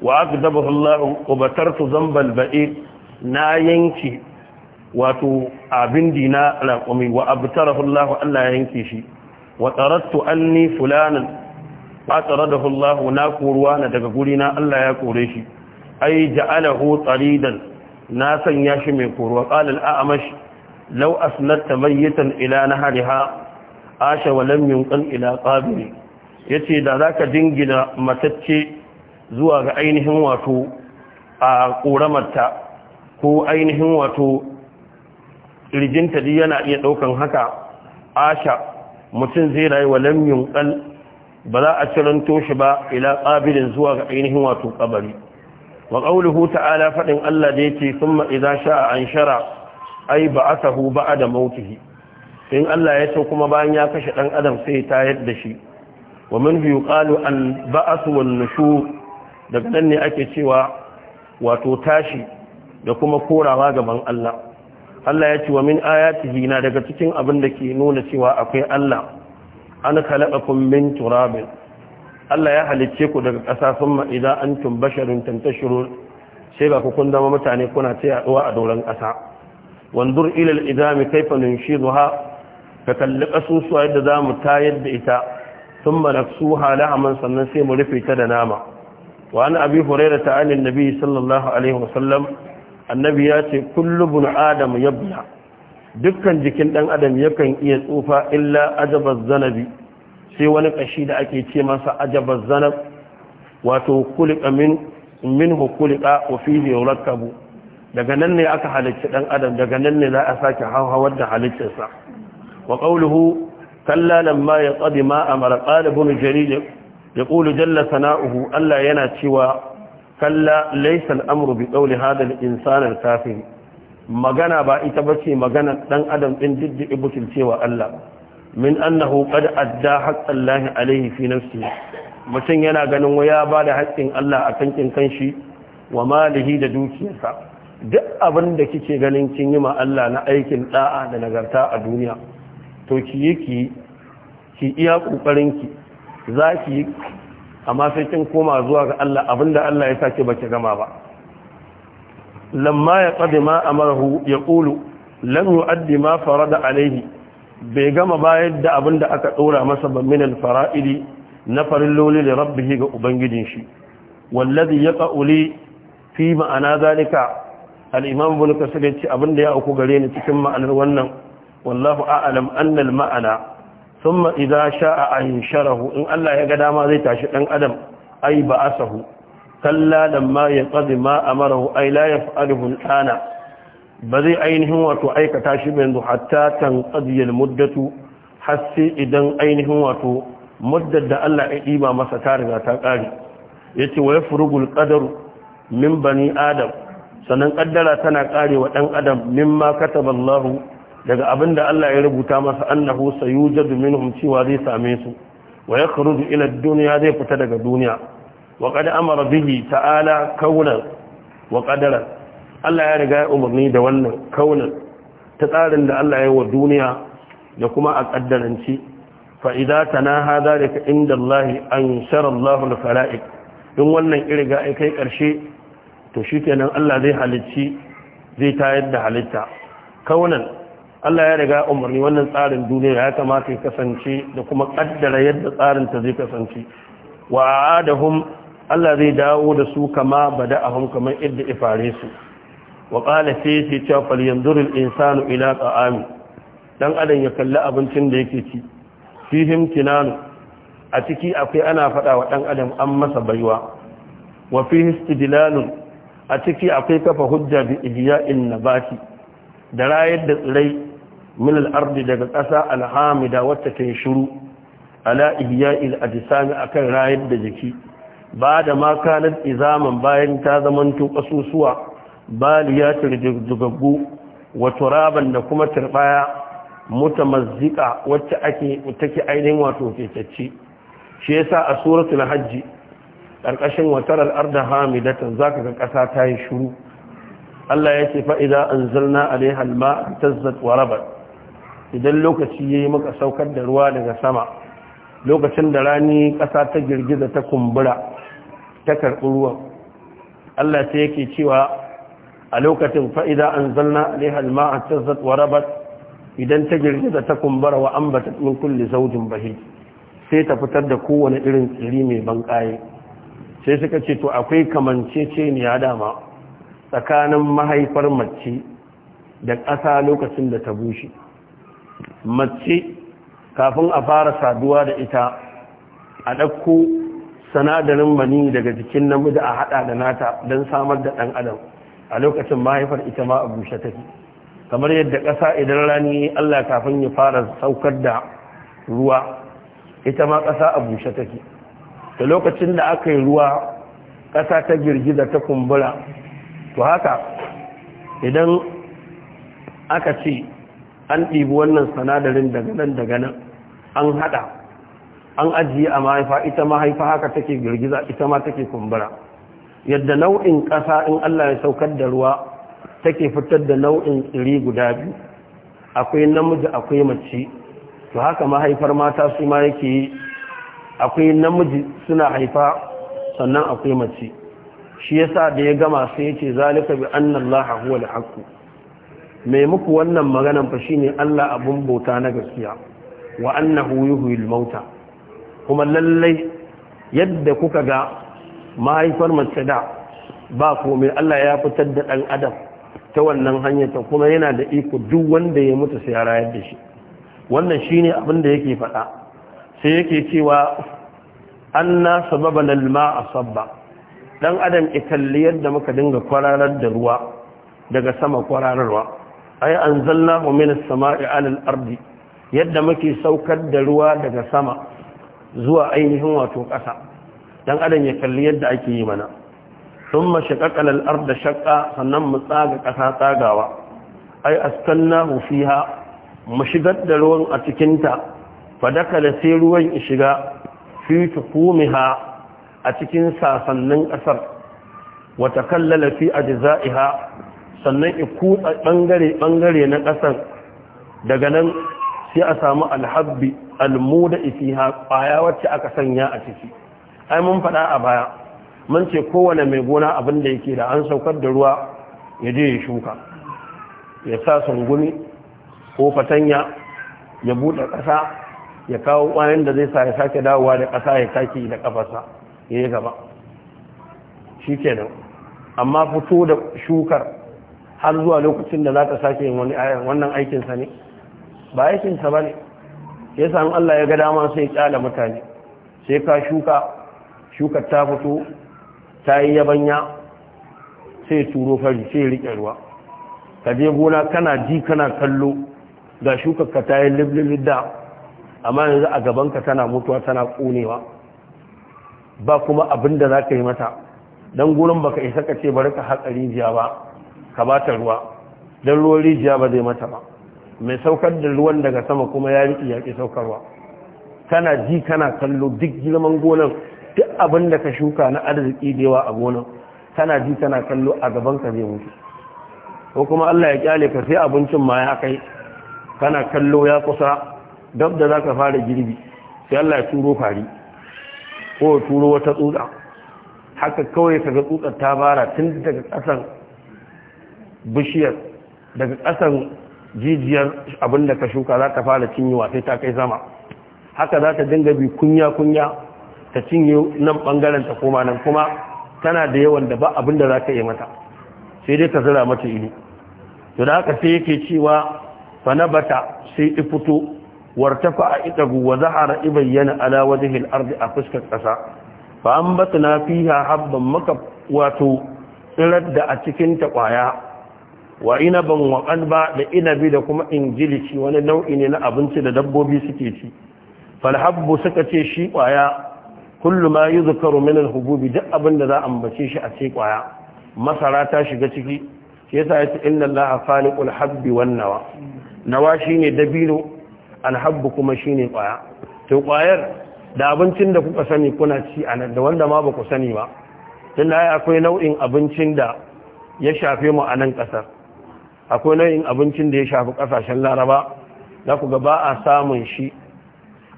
wa akdabahu Allah ubatartu zambal ba'i na yanki wato abin dina raƙumi wa abtarahu Allah Allah ya yanke shi wa tarattu anni fulanan ba da Allah na koruwa na daga gurina Allah ya kore shi ai ja'alahu tsaridan na sanya shi mai koruwa ƙalil a'amash lau asnatta mayyitan ila nahariha asha wa lam yunqal ila qabiri yace da zaka dingina matacce zuwa ga ainihin wato a koramarta ko ainihin wato rijinta dai yana iya daukan haka asha mutum zai rayu wa lam yunqal ba za a ciranto shi ba ila qabirin zuwa ga ainihin wato kabari wa qawluhu ta'ala faɗin Allah da yake thumma idza sha'a anshara ay ba'athahu da mautihi in Allah ya ce kuma bayan ya kashe ɗan adam sai ta yadda shi wa min yuqalu an ba'athu wan nushu daga nan ne ake cewa wato tashi da kuma korawa gaban Allah Allah ya ce wa min ayatihi na daga cikin abin da ke nuna cewa akwai Allah an khalaqakum min turabin Allah ya halicce ku daga ƙasa sun ma'iza an tun basharin tantashiro sai ga kun zama mutane kuna ta yaduwa a doron ƙasa wandur ilal idami kaifa nunshiduha ka kalli ƙasusuwa yadda za mu tayar da ita sun manaksuha lahaman sannan sai mu rufe ta da nama wa an abi hurairah ta nabi sallallahu alaihi wasallam annabi ya ce kullu bun adam yabla dukkan jikin dan adam yakan iya tsufa illa ajabar zanabi sai wani ƙashi da ake ce masa ajabar zanab wato kulika min minhu kulika daga nan ne aka halicci dan adam daga nan ne za a sake hauhawar da halittarsa wa qawluhu kalla ya tsadi ma mara qala ibn ya yaqulu jalla sana'uhu allah yana cewa kalla laisan al-amru bi qawli hadha magana ba ita bace magana dan adam din diddi ibukil cewa Allah min annahu qad adda haqqallahi alayhi fi nafsihi mutum yana ganin waya ba da haƙƙin Allah a kankin kanshi wa malihi da dukiyarsa duk abin da kike ganin kin yi ma Allah na aikin da'a da nagarta a duniya to ki yi ki iya kokarin ki za ki yi amma sai kin koma zuwa ga Allah abinda Allah ya sake baki gama ba lamma ya qadima amarahu yaqulu lam yu'addi ma farada alayhi bai gama bayar da abin da aka ɗora masa ba minal alfara'ili na loli da rabbihi ga ubangijin shi wallazi ya ƙa'uli fi ma'ana zalika al'imam bin kasir ya ce abin da ya uku gare ni cikin ma'anar wannan wallahu a'alam annal ma'ana za sha sha'a an sharahu in Allah ya ga dama zai tashi ɗan adam ai sahu. kalla lamma yaqdi ma amarahu ai la arihun al'ana ba zai ainihin wato aikata shi ba yanzu hatta tan qadiyal muddatu har sai idan ainihin wato muddar da Allah ya ɗiba masa ta riga ta kare yace wa yafrugul qadar min bani adam sannan ƙaddara tana kare wa dan adam mimma kataba Allah daga abinda Allah ya rubuta masa annahu sayujadu minhum cewa zai same su wa yakhruju ila dunya zai fita daga duniya wa qad amara bihi ta'ala kauna wa qadaran Allah ya riga ya umarni da wannan kaunin ta tsarin da Allah ya wa duniya da kuma a ƙaddaranci fa'iza ta na haza da ka inda Allah an shara Allah da fara'ik in wannan irga ya kai ƙarshe to shi kenan Allah zai halicci zai tayar da halitta kaunan Allah ya riga umarni wannan tsarin duniya ya kamata ya kasance da kuma ƙaddara yadda tsarinta zai kasance wa a Allah zai dawo da su kama bada ahun kamar yadda ifare su wa qala sai ce cewa fal durin al insanu ila ta'ami dan adan ya kalli abincin da yake ci fihim Tinanu, a ciki akwai ana fada wa dan adam an masa baiwa wa fihi a ciki akwai kafa hujja bi ihya'in nabati da rayar da tsirai min al-ardi daga ƙasa alhamida wacce ta shiru ala ihya'il ajsami akan rayar da jiki ba da ma kanar izaman bayan ta zamanto ƙasusuwa. Bali baliyatir jigaggu wato turaban da kuma turbaya mutamazzika wacce ake take ainihin wato fitacci shi yasa a suratul hajji karkashin watarar arda hamidatan zaka ga kasa ta yi shuru Allah ya ce fa idza anzalna alaiha alma tazzat wa rabat idan lokaci yayi maka saukar da ruwa daga sama lokacin da rani kasa ta girgiza ta kumbura ta karbi ruwan Allah sai yake cewa a lokacin fa'ida an zanna alaihal ma'a tazzat wa rabat idan ta girgi da ta kumbara wa ambata min kulle zaujin bahi sai ta fitar da kowane irin tsiri mai banƙaye sai suka ce to akwai kamanceceniya dama tsakanin mahaifar mace da ƙasa lokacin da ta bushe mace kafin a fara saduwa da ita a ɗauko sanadarin mani daga jikin namiji a haɗa da nata don samar da ɗan adam a lokacin mahaifar ita ma a bushe take kamar yadda ƙasa idan rani Allah kafin ya fara saukar da ruwa ita ma ƙasa a bushe take da lokacin da aka yi ruwa ƙasa ta girgiza ta kumbura to haka idan aka ce an ɗibi wannan sanadarin daga nan daga nan an haɗa an ajiye a mahaifa ita mahaifa haka take girgiza ita ma take kumbura yadda nau'in ƙasa in Allah ya saukar da ruwa take fitar da nau'in tsiri guda biyu akwai namiji akwai mace to haka mahaifar mata su ma yake akwai namiji suna haifa sannan akwai mace shi yasa da ya gama sai yace zalika bi anna huwa al haq mai muku wannan maganan fa shine Allah abun bauta na gaskiya wa annahu yuhyil mauta kuma lallai yadda kuka ga mahaifar mace da ba komai Allah ya fitar da ɗan adam ta wannan hanyar ta kuma yana da iko duk wanda ya mutu sai ya rayar da shi wannan shine abin da yake faɗa sai yake cewa an anna sababan a sabba ɗan adam ikalli yadda muka dinga kwararar da ruwa daga sama kwarararwa ay anzalnahu minas sama'i 'alal ardi yadda muke saukar da ruwa daga sama zuwa ainihin wato ƙasa dan adam ya kalli yadda ake yi mana sun shaqaqal al-ardh shaqqa sannan mu tsaga ƙasa tsagawa ai askannahu fiha mu shigar da ruwan a cikin ta fadakala sai ruwan ya shiga fi ha a cikin sasannin kasar wa takallala fi ajza'iha sannan ya kutsa bangare bangare na ƙasar, daga nan sai a samu alhabbi almuda fiha ƙwaya wacce aka sanya a ciki ai mun faɗa a baya mun ce kowane mai gona abin da yake da an saukar da ruwa ya je ya shuka ya sa sungumi ko fatanya ya buɗe ƙasa ya kawo ƙwayan da zai sa ya sake dawowa da ƙasa ya sake da ƙafarsa ya yi gaba shi kenan amma fito da shukar har zuwa lokacin da za ta sake yin wannan aikinsa ne ba aikinsa ba ne ya sami Allah ya ga dama sai ya mutane sai ka shuka shukar ta fito ta yi yabanya sai turo fari sai riƙe ruwa ka je gona kana ji kana kallo ga shukar ka ta yi liblibin da amma yanzu a gabanka tana mutuwa tana ƙonewa ba kuma abin da za ka yi mata don gurin baka isa ka ce bari ka haƙa rijiya ba ka ba ta ruwa don ruwan rijiya ba zai mata ba mai saukar da ruwan daga sama kuma ya riƙi yaƙi saukarwa kana ji kana kallo duk girman gonan duk abin da ka shuka na arziki da yawa a gonar kana ji tana kallo a gaban ka zai mutu ko kuma Allah ya kyale ka sai abincin ma ya kai kana kallo ya kusa dab da zaka fara girbi sai Allah ya turo fari ko turo wata tsutsa haka kawai ka ga tsutsar ta bara tun daga kasan bishiyar daga kasan jijiyar abin da ka shuka za ta fara cinyewa sai ta kai sama haka za ta dinga bi kunya kunya ta cinye nan bangaren ta koma nan kuma tana da yawan da ba abin da za ka yi mata sai dai ka zira mata ido to da haka sai yake cewa fa bata sai i fito wartafa a idagu wa zahara ibayyana ala wajhil ardi a fuskar kasa fa ambatna fiha habban maka wato tsirar da a cikin ta kwaya wa ban wa qalba da inabi da kuma injilici wani nau'i ne na abinci da dabbobi suke ci falhabbu suka ce shi kwaya kullu ma yi min al-hububi duk abinda za a mace shi a ce kwaya masara ta shiga ciki shi yasa yace inna allaha khaliqul habbi wan nawa nawa shine dabino al-habbu kuma shine kwaya to kwayar da abincin da kuka sani kuna ci nan da wanda ma ba ku sani ba tunda ai akwai nau'in abincin da ya shafe mu a nan kasar akwai nau'in abincin da ya shafi kasashen laraba za ku ga ba a samun shi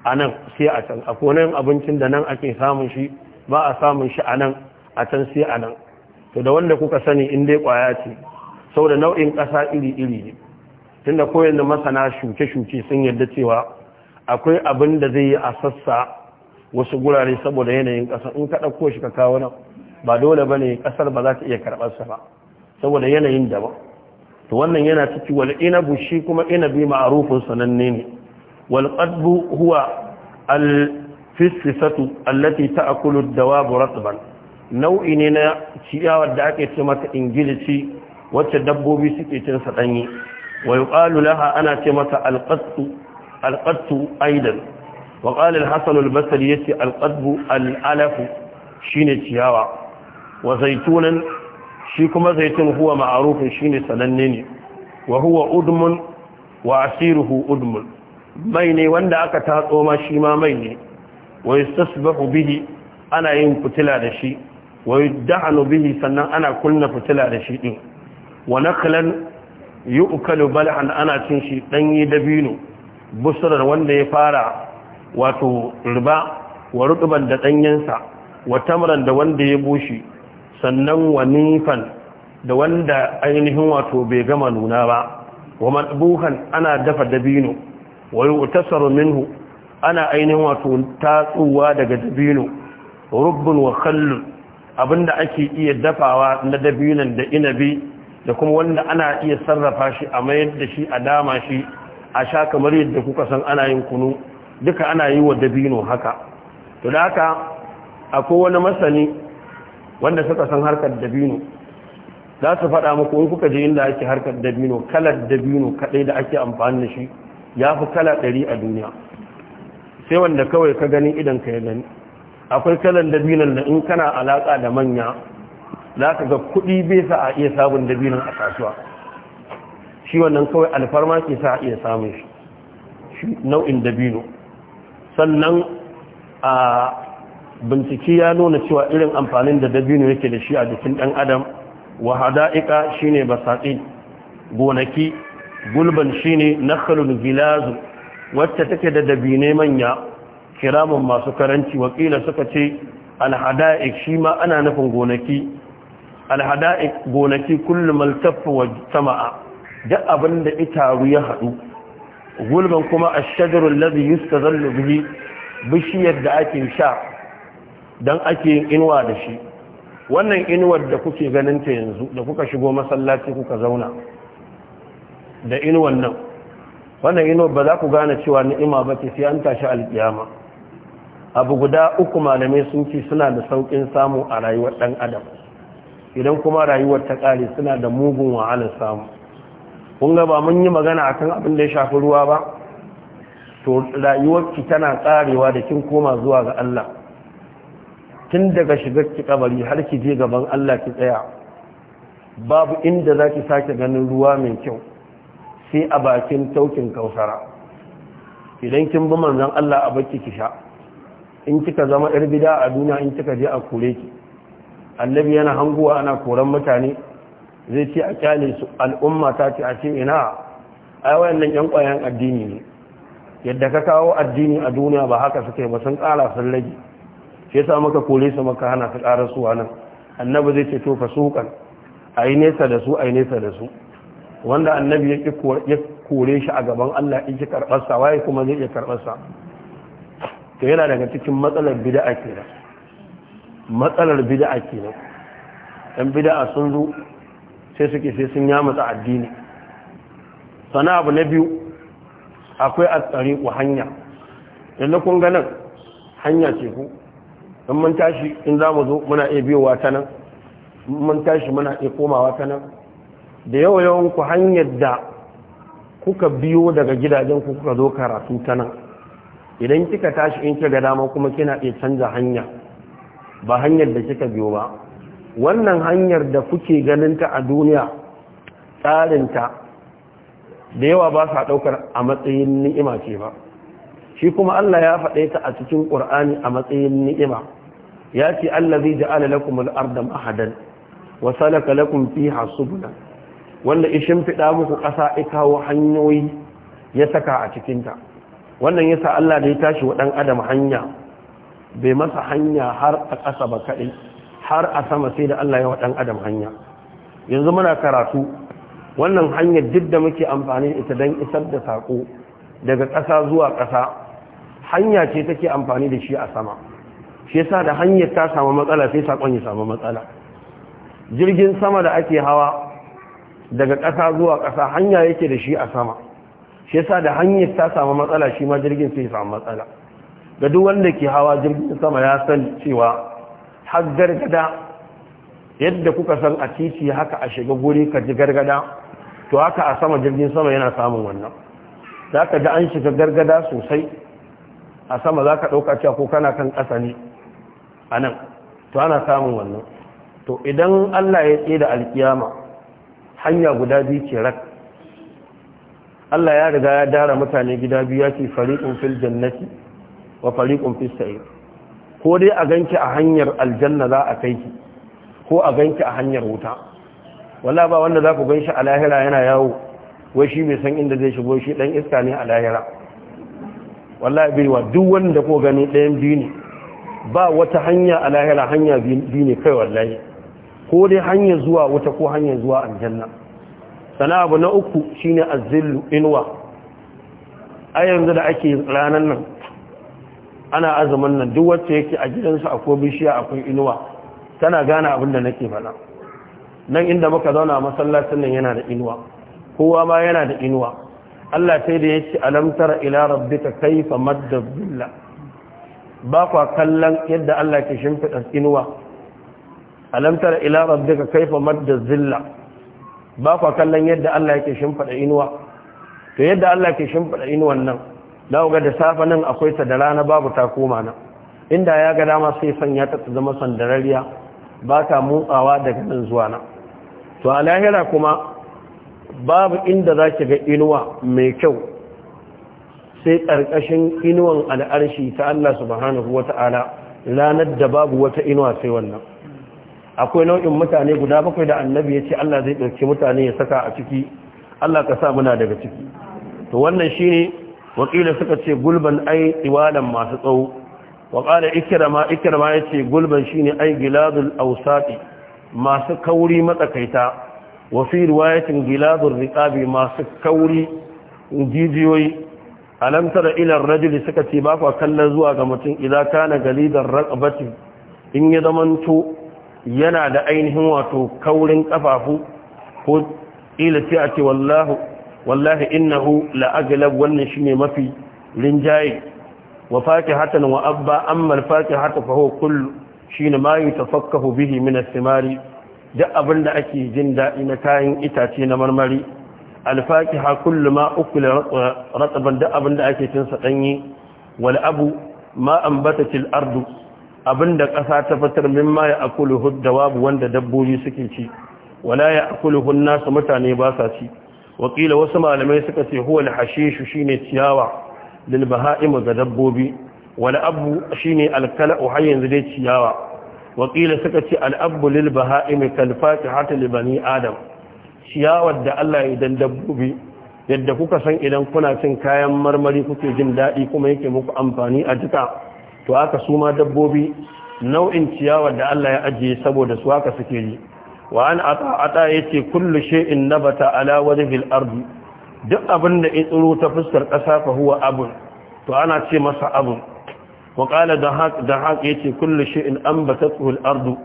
a nan sai a can a konayin abincin da nan ake samun shi ba a samun shi a nan a can sai a nan to da wanda kuka sani in dai kwaya ce sau da nau'in ƙasa iri-iri ne tunda koyar da masana shuke-shuke sun yarda cewa akwai abin da zai yi a sassa wasu gurare saboda yanayin ƙasa in ka ɗauko shi ka kawo nan ba dole ba ne ƙasar ba za ta iya karɓarsa ba saboda yanayin daban to wannan yana ciki wani inabu shi kuma inabi ma'arufin sananne ne والقدب هو الفسفة التي تأكل الدواب رطبا nau'i ne na ciyawar da ake ce mata ingilishi wacce dabbobi suke cin sa danyi wa yuqalu ana ce mata alqattu alqattu aidan wa al-hasan al-basri yace alqatbu al-alaf shine ciyawa wa zaitunan shi kuma zaitun huwa ma'rufun shine sananne ne wa huwa udmun wa asiruhu udmun mai ne wanda aka tatso ma shi ma mai ne wa yastasbahu bihi ana yin fitila da shi wa yudhanu bihi sannan ana kunna fitila da shi din wa naklan yu'kalu bal'an ana cin shi danyi dabino busrar wanda ya fara wato riba wa rutuban da sa wa tamran da wanda ya bushi sannan wa nifan da wanda ainihin wato bai gama nuna ba wa madbuhan ana dafa dabino wa yu'tasaru minhu ana ainihin wato tatsuwa daga dabino rubbun wa abin abinda ake iya dafawa na dabinan da inabi da kuma wanda ana iya sarrafa shi a mayar da shi a dama shi a sha kamar yadda kuka san ana yin kunu duka ana yi wa dabino haka to da haka akwai wani masani wanda suka san harkar dabino za su faɗa muku in kuka je inda ake harkar dabino kalar dabino kaɗai da ake amfani da shi ya fi kala ɗari a duniya sai wanda kawai ka gani idan ka ya gani akwai kalan dabinan da in kana alaƙa da manya za ka ga kuɗi bai sa a iya sabon dabinan a kasuwa shi wannan kawai alfarma ke sa a iya samun shi nau'in dabino sannan a bincike ya nuna cewa irin amfanin da dabino yake da shi a jikin ɗan adam wa hada'iƙa shine basaɗin gonaki gulban shi ne na nakhlun gilazu wacce take da dabine manya kiramun masu karanci wakila suka ce alhada'ik shi ma ana nufin gonaki alhada'ik gonaki kullum alkafa wa sama'a da abin da itaru ya haɗu gulban kuma a shagarun lazi yusta zallu biyu bishiyar da ake sha don ake yin inuwa da shi wannan inuwar da kuke ganin ta yanzu da kuka shigo masallaci kuka zauna da inuwan nan wannan inuwar ba za ku gane cewa ni'ima ba ce sai an tashi alkiyama abu guda uku malamai sun ce suna da saukin samu a rayuwar dan adam idan kuma rayuwar ta kare suna da mugun wahalar samu kun ga ba mun yi magana akan abin da ya shafi ruwa ba to rayuwar ki tana karewa da kin koma zuwa ga Allah tun daga shigar ki kabari har ki je gaban Allah ki tsaya babu inda zaki sake ganin ruwa mai kyau sai a bakin taukin kausara idan kin bi manzon Allah a baki ki sha in kika zama yar bida a duniya in kika je a kore ki annabi yana hanguwa ana koran mutane zai ce a kyale su al'umma ta ce a ce ina ai wayannan yan kwayan addini ne yadda ka kawo addini a duniya ba haka suke ba sun kara sun rage shi maka kore su maka hana ka ƙara suwa nan annabi zai ce to fasukan ai nesa da su ai nesa da su wanda annabi ya kore shi a gaban Allah in shi karɓarsa waye kuma zai iya karɓarsa to yana daga cikin matsalar bid'a kenan matsalar bid'a kenan dan bid'a sun zo sai suke sai sun ta addini sana abu na biyu akwai atsari ku hanya yanzu kun ganin hanya ce ku in mun tashi in za mu zo muna iya biyowa ta nan mun tashi muna iya komawa ta nan da yawa yawan ku hanyar da kuka biyo daga gidajen ku kuka zo karatu ta nan idan kika tashi in kika dama kuma kina iya canza hanya ba hanyar da kika biyo ba wannan hanyar da kuke ganin ta a duniya tsarinta da yawa ba sa daukar a matsayin ni'ima ce ba shi kuma Allah ya faɗe ta a cikin Qur'ani a matsayin ni'ima ya ce zai ja'ala lakum al-arda mahadan wa salaka lakum fiha subulan wanda ishin fida muku ƙasa ita hanyoyi ya saka a cikinta wannan ya sa Allah da ya tashi wa ɗan adam hanya bai masa hanya har a ƙasa ba kaɗai har a sama sai da Allah ya wa ɗan adam hanya yanzu muna karatu wannan hanyar duk da muke amfani ita don isar da saƙo daga ƙasa zuwa ƙasa hanya ce take amfani da shi a sama shi yasa da hanyar ta samu matsala sai saƙon ya samu matsala jirgin sama da ake hawa daga ƙasa zuwa ƙasa hanya yake da shi a sama shi yasa da hanyar ta samu matsala shi ma jirgin sai samu matsala ga duk wanda ke hawa jirgin sama ya san cewa har gargada yadda kuka san a titi haka a shiga guri ka ji gargada to haka a sama jirgin sama yana samun wannan za ka ji an shiga gargada sosai a sama za ka ɗauka cewa ko kana kan ƙasa ne a nan to ana samun wannan to idan allah ya tsaye da alkiyama hanya guda biyu ce rak Allah ya riga ya dara mutane gida biyu ya ce fariqun fil jannati wa fariqun fis sa'ir ko dai a ganki a hanyar aljanna za a kai ki ko a ganki a hanyar wuta wala ba wanda za ku ganshi a lahira yana yawo wai shi bai san inda zai shigo shi dan iska ne a lahira wallahi bai wa duk wanda ko gani ɗayan biyu ne ba wata hanya a lahira hanya biyu ne kai wallahi ko dai hanyar zuwa wuta ko hanyar zuwa aljanna sana abu na uku shine azillu inwa a yanzu da ake ranar nan ana azumin nan duk wacce yake a gidansa ko bishiya akwai inuwa tana gane abin da nake faɗa nan inda muka zauna masallacin nan yana da inuwa kowa ma yana da inuwa Allah sai da yake alam tara ila rabbika kayfa madda billa ba kwa kallon yadda Allah ke shimfida inuwa alam tara ila rabbika kaifa madda zilla ba kwa kallon yadda Allah yake shimfada inuwa to yadda Allah yake shimfada inuwan nan da ga da safa nan akwai ta da rana babu ta koma nan inda ya ga dama sai sanya ta ta zama sandarariya ba ta motsawa daga nan zuwa nan to a lahira kuma babu inda zaki ga inuwa mai kyau sai ƙarƙashin inuwan al'arshi ta Allah subhanahu wata'ala ranar da babu wata inuwa sai wannan akwai nau'in mutane guda bakwai da annabi ya ce Allah zai ɗauki mutane ya saka a ciki Allah ka sa muna daga ciki to wannan shine wakila suka ce gulban ai iwalan masu tsawo wa qala ikrama ikrama yace gulban shine ai giladul masu kauri matsakaita wa fi riwayatin giladul riqabi masu kauri jijiyoyi alam tara ila ar suka ce ba kallon zuwa ga mutum idan kana galidar raqabati in ya zamanto yana da ainihin wato kaurin kafafu ko ila sai a ce wallahu wallahi innahu la aglab wannan shine mafi linjaye wa fatihatan wa abba amma al fatihatu fa huwa shine ma yutafakkahu bihi min as-simari duk abinda ake jin dadi na kayan itace na marmari al-fatiha kullu ma ukula rataban duk abinda ake cin sa danyi wal abu ma ambatatil ardu Abin da ƙasa ta fitar min ma ya akulu hudda wabu wanda dabbobi suke ci wala ya akulu hunna su mutane ba sa ci wakila wasu malamai suka ce huwa alhashishu shine ciyawa lil baha'im ga dabbobi wala abu shine alkala kalau har yanzu dai ciyawa wakila suka ce al-abu lil baha'im kal fatihatu li bani adam ciyawar da Allah idan dabbobi yadda kuka san idan kuna cin kayan marmari kuke jin daɗi kuma yake muku amfani a jika to aka suma dabbobi nau'in ciyawar da Allah ya ajiye saboda su haka suke yi wa an ata yace kullu shay'in nabata ala wajhil ardi duk abin da ya tsiro ta fuskar ƙasa fa huwa abun to ana ce masa abun wa qala dahaq dahaq yace kullu shay'in anbatathu al ardu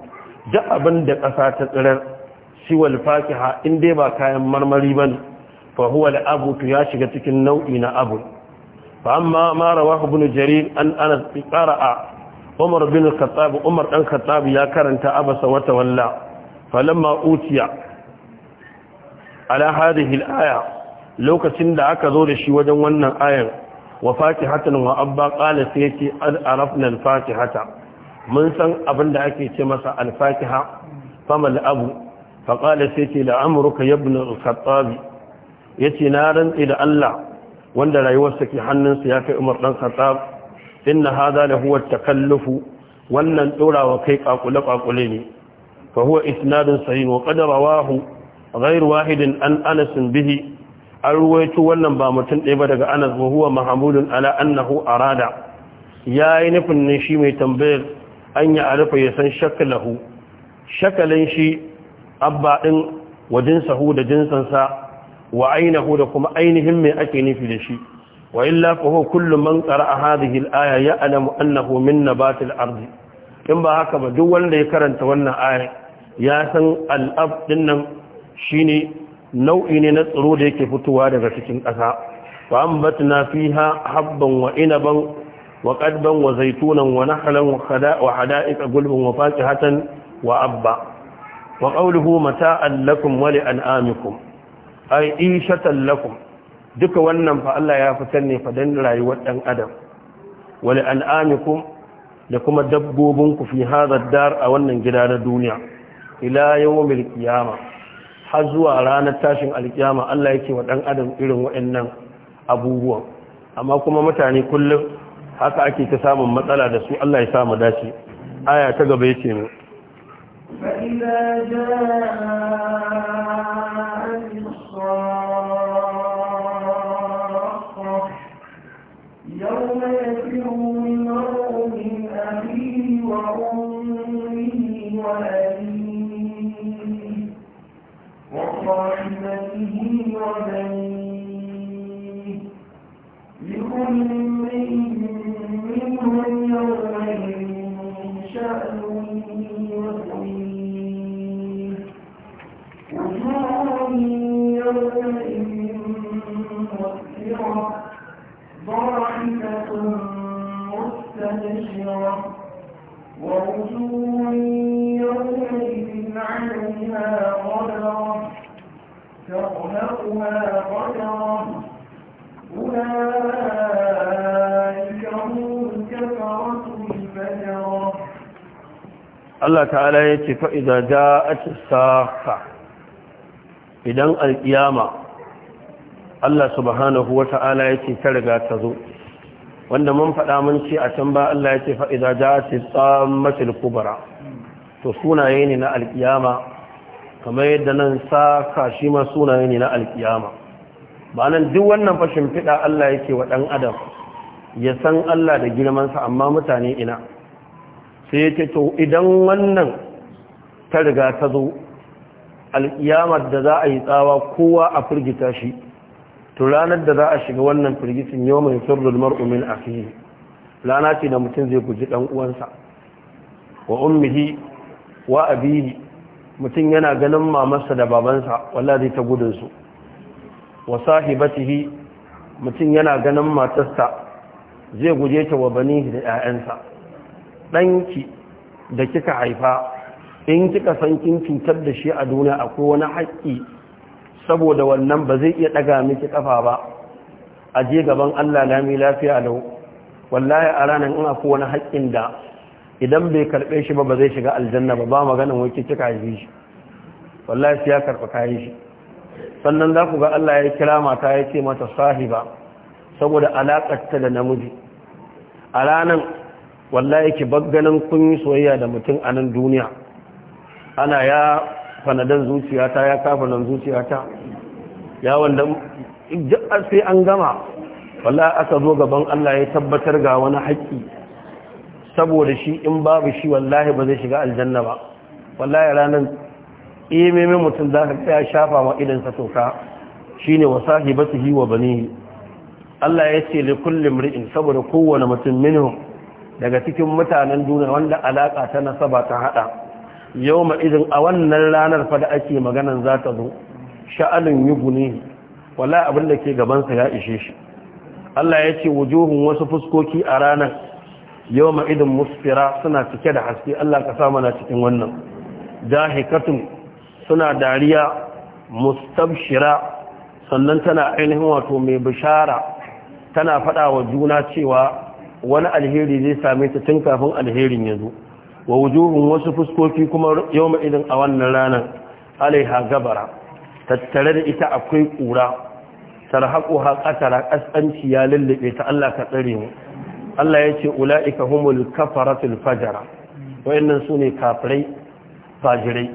duk abin da ƙasa ta tsirar siwal fakiha in dai ba kayan marmari bane fa huwa al abu to ya shiga cikin nau'i na abun فأما ما رواه ابن جرير أن أنا قرأ عمر بن الخطاب عمر بن الخطاب يا كرنت أبس وتولى فلما أوتي على هذه الآية لو كسند أكذور شي وجن ونن آية وفاتحة وأبا قال سيتي أن عرفنا الفاتحة من سن أبن لأكي تمس الفاتحة فما الأب فقال سيتي لعمرك يا ابن الخطاب يتنارا إلى الله wanda rayuwarsa ke hannunsa ya kai umar ɗan khattab inna hada da huwa takallufu wannan ɗorawa kai kakule kakule ne fa huwa isnadun sahih wa qad rawahu ghayr wahidin an anas bihi an ruwaito wannan ba mutum ɗaya ba daga anas wa huwa ala annahu arada yayi nufin ne shi mai tambayar an ya arifa ya san shakalahu shakalin shi abba din wa sahu da jinsansa wa ainihu da kuma ainihin mai ake nufi da shi wa illa fa huwa kullu man qara'a hadhihi al-aya ya'lamu annahu min nabatil ardi in ba haka ba duk wanda ya karanta wannan aya ya san al-ab dinnan shine nau'i ne na tsiro da yake fitowa daga cikin ƙasa fa ambatna fiha habban wa inaban wa qadban wa zaitunan wa nahlan wa khada'a wa hada'iqa gulbun wa wa abba wa qawluhu mata'an lakum wa li'an'amikum ai in shatan lakum duka wannan fa Allah ya fitar ne fa dan rayuwar dan adam wal an'amikum da kuma dabbobin ku fi hadar dar a wannan gida na duniya ila yawmil qiyama har zuwa ranar tashin alkiyama Allah yake wa dan adam irin waɗannan abubuwan amma kuma mutane kullum haka ake ta samun matsala da su Allah ya samu dace aya ta gaba yake ne فإذا وأبيه وصاحبته وبنيه لكل امرئ منهم يوم Allah ta'ala ya ce fa'iza ja a cisa idan alƙiyama Allah subhanahu wa ta'ala ya ce ta riga ta zo wanda mun faɗa mun ce a can ba Allah ya ce fa'iza ja a cisa matil kubara to sunaye ne na alƙiyama kamar yadda nan saka shi ma sunaye ne na alƙiyama ba duk wannan fashin fiɗa Allah yake wa ɗan adam ya san Allah da girmansa amma mutane ina sai ya ce to idan wannan ta riga ta zo alƙiyamar da za a yi tsawa kowa a firgita shi to ranar da za a shiga wannan firgitin yau mai sirrul mar'umin a fiye rana ce da mutum zai guji ɗan uwansa wa ummihi wa abihi mutum yana ganin mamarsa da babansa walla zai ta gudunsu wa sahibatihi mutum yana ganin matarsa zai guje ta wa banihi da 'ya'yansa ɗanki da kika haifa in kika san kin cutar da shi a duniya akwai wani haƙƙi saboda wannan ba zai iya ɗaga miki ƙafa ba a je gaban Allah lami lafiya lau wallahi a ranar in akwai wani haƙƙin da idan bai karɓe shi ba ba zai shiga aljanna ba ba maganin wai kika haife shi wallahi sai ya karɓi kayan shi sannan za ku ga Allah ya kira mata ya ce mata sahiba saboda alaƙarta da namiji a ranar wallahi ki ganin kun yi soyayya da mutum a nan duniya ana ya fanadan zuciyata ya kafa nan zuciyata ya wanda sai an gama wallahi aka zo gaban Allah ya tabbatar ga wani haƙƙi saboda shi in babu shi wallahi ba zai shiga aljanna ba wallahi ranar ememe mutum za ka tsaya shafa ma sa toka shine wa sahibatihi wa banihi Allah ya ce li kulli mri'in saboda kowane mutum minhum daga cikin mutanen duniya wanda alaka ta nasaba ta hada ma idan a wannan ranar fa da ake maganan za ta zo sha'anin yuguni wala abin da ke gabansa ya ishe shi Allah ya ce wujuhun wasu fuskoki a ranar yauma idan musfira suna cike da haske Allah ka sa mana cikin wannan jahikatun suna dariya mustabshira sannan tana ainihin wato mai bishara tana faɗa wa juna cewa wani alheri zai same ta tun kafin alherin ya zo wa wujuhun wasu fuskoki kuma yawma irin a wannan ranar alaiha gabara tattare da ita akwai kura tarhaqu ha qatara kasanci ya lullube ta Allah ka tsare mu Allah ya ce ula'ika humul kafaratul fajara wayannan sune kafirai fajirai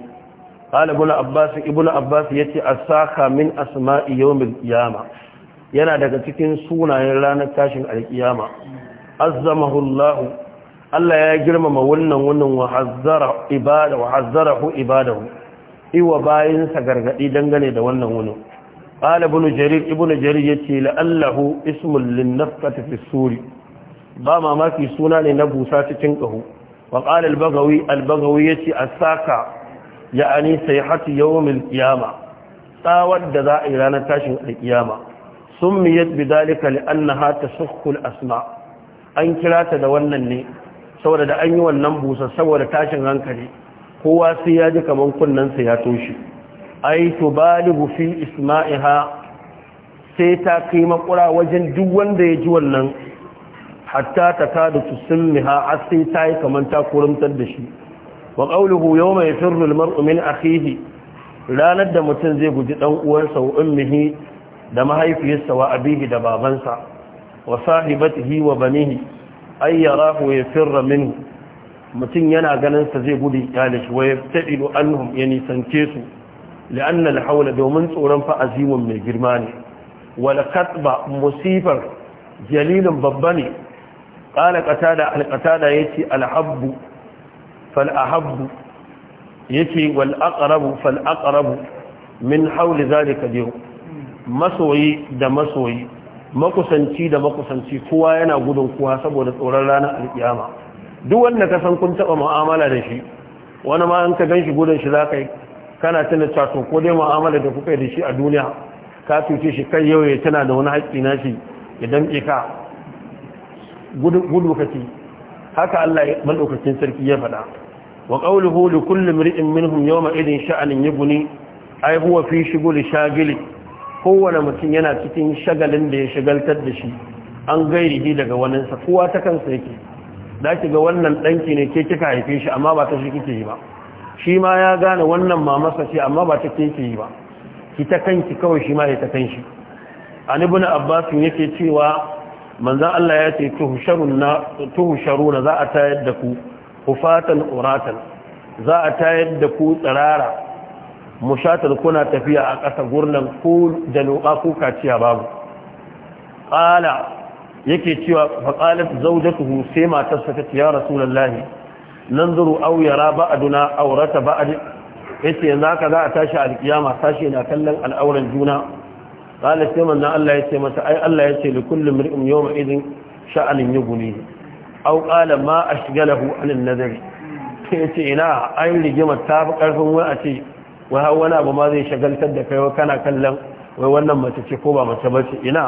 qala ibn abbas ibn abbas yace as-saka min asma'i yawmil qiyama yana daga cikin sunayen ranar tashin alkiyama azzamahu Allah Allah ya girmama wannan wannan wa hazzara ibada wa hazzarahu ibadahu iwa bayinsa gargadi dangane da wannan wannan qala ibn jarir ibn jarir yace la'allahu ismun linnafqati fi suri ba mamaki suna ne na busa cikin kahu wa qala al-baghawi al-baghawi yace asaka ya'ani sayhati yawm al-qiyama tsawar da za a yi ranar tashin Sun miyar bi bidalika li'annaha ta al-asma' an kira ta da wannan ne saboda da an yi wannan busa saboda tashin hankali kowa sai ya ji kaman kunnensa ya toshe ai to balighu fi isma'iha sai ta kai makura wajen duk wanda ya ji wannan hatta ta kada tusimmiha har sai ta yi kaman ta kurumtar da shi wa qawluhu yawma yafirru al-mar'u min akhihi ranar da mutum zai guji dan uwansa wa ummihi da mahaifiyarsa wa abihi da babansa وصاحبته وبنيه أن يراه ويفر منه متين ينا غننسا زي غدي قالش ويبتعد عنهم يعني سنكيسو لأن الحول دومن سورن فأزيم من جرماني ولكتب مصيفر جليل ببني قال قتادة القتادة يتي الحب فالأحب يتي والأقرب فالأقرب من حول ذلك اليوم مسوي دمسوي makusanci da makusanci kowa yana gudun kowa saboda tsoron ranar alkiyama duk wanda ka san kun taba mu'amala da shi wani ma an ka gan shi gudun shi za ka yi kana tuna cato ko dai mu'amala da kuka yi da shi a duniya ka cuce shi kai yau ya tana da wani haƙƙi na shi ya damƙe ka gudu kake haka Allah ya madaukakin sarki ya faɗa wa qawluhu li kulli imri'in minhum yawma idin sha'anin guni. Ai huwa fi shughuli shagili kowane mutum yana cikin shagalin da ya shagaltar da shi an gairihi daga waninsa kowa ta kansa yake da ki ga wannan ɗanki ne ke kika haife shi amma ba ta shi kike yi ba shi ma ya gane wannan mamasa ce amma ba ta ke yi ba ki ta kanki kawai shi ma ya ta kanshi an ibn abbas yake cewa manzan Allah ya ce na za a tayar da ku hufatan uratan za a tayar da ku tsirara mushatar kuna tafiya a ƙasa gurnan ko da noƙa ko kaciya babu ƙala yake cewa faƙalat zaujatuhu sai matarsa ta ce ya rasulullahi nan zuru au aurata ba'ad yace yanzu haka za a tashi alkiyama tashi na kallon al'auran juna ƙala sai manna Allah ya ce mata ai Allah ya ce li kullum ri'um yawma izin sha'anin yughni au ƙala ma a 'an an-nazari sai ce ina ai rigimar ta fi ƙarfin wani a ce wai har wani abu ma zai shagaltar da kai kana kallon wai wannan mace ce ko ba mace ba ce ina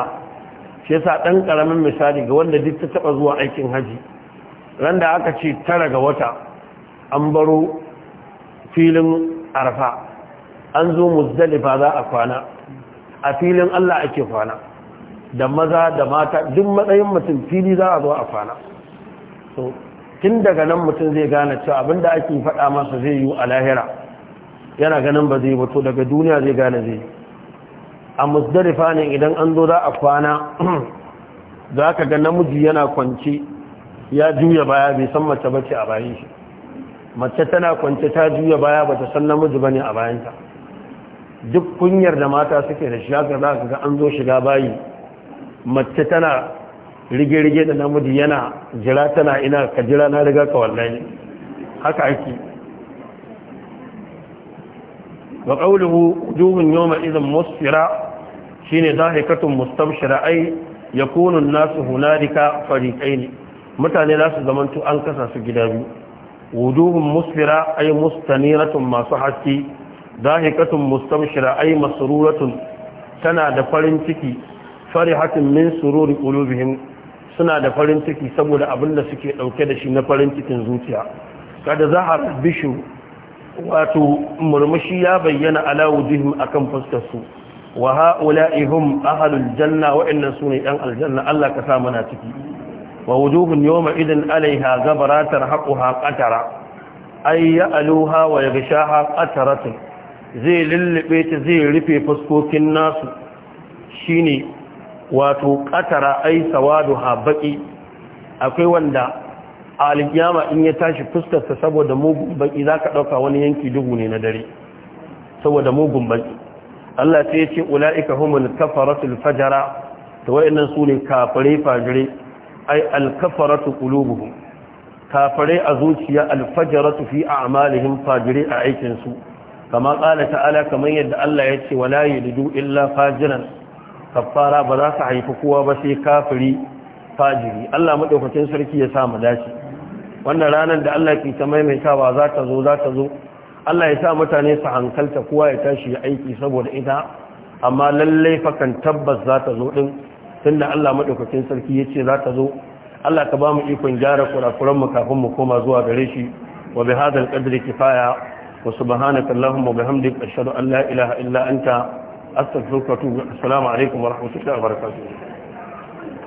shi yasa dan karamin misali ga wanda duk ta taba zuwa aikin haji ran da aka ce tara ga wata an baro filin arfa an zo muzdalifa za a kwana a filin Allah ake kwana da maza da mata duk matsayin mutum fili za a zo a kwana tun daga nan mutum zai gane cewa abinda ake faɗa masa zai yi a lahira yana ganin ba zai wato daga duniya zai gane zai a musdarifa ne idan an zo za a kwana za ka ga namiji yana kwanci ya juya baya bai san mace ba ce a bayan shi mace tana kwance ta juya baya ba ta san namiji ba ne a bayanta duk kunyar da mata suke da shi haka za ka ga an zo shiga bayi mace tana rige-rige da namiji yana jira tana ina ka jira na riga ka wallahi haka ake wa qawluhu wujuhun yawma izin musfira shine zahikatun mustabshira ay yakunu an-nasu hunalika fariqaini mutane za su zamanto an kasa su gida biyu wujuhun musfira ai mustaniratun masu haske zahikatun mustabshira ay masruratun tana da farin ciki farihatun min sururi qulubihim suna da farin ciki saboda abin da suke dauke da shi na farin cikin zuciya kada zahar bishu wato murmushi ya bayyana ala wujuhim akan fuskar su wa ha'ula'i ahlul janna wa suna yan aljanna Allah ka sa mana ciki wa wujuhun yawma idan alaiha gabaratar haquha qatara ay ya'luha wa yaghshaha qataratun zai lullube ta zai rufe fuskokin nasu shine wato qatara ay sawaduha baqi akwai wanda a alkiyama in ya tashi fuskarsa saboda mugun baki za ka ɗauka wani yanki duhu ne na dare saboda mugun baki Allah sai ya ce ula'ika humul kafaratul fajara to wayannan su ne kafare fajire ai alkafaratu qulubuhum kafare a zuciya alfajaratu fi a'malihim fajire a aikin su kama qala ta'ala kamar yadda Allah ya ce wala yalidu illa fajiran kafara ba za su haifi kowa ba sai kafiri fajiri Allah madaukakin sarki ya sa mu dace wannan ranar da Allah ke ta maimaitawa za ta zo za ta zo Allah ya sa mutane su hankalta kowa ya tashi ya aiki saboda ita amma lallai fakan tabbas za ta zo din tunda Allah madaukakin sarki ya ce za ta zo Allah ka ba mu ikon gyara kurakuran mu kafin mu koma zuwa gare shi wa bi hadal qadri kifaya wa subhanaka allahumma wa bihamdika ashhadu an la ilaha illa anta astaghfiruka wa atubu assalamu alaikum wa rahmatullahi wa barakatuh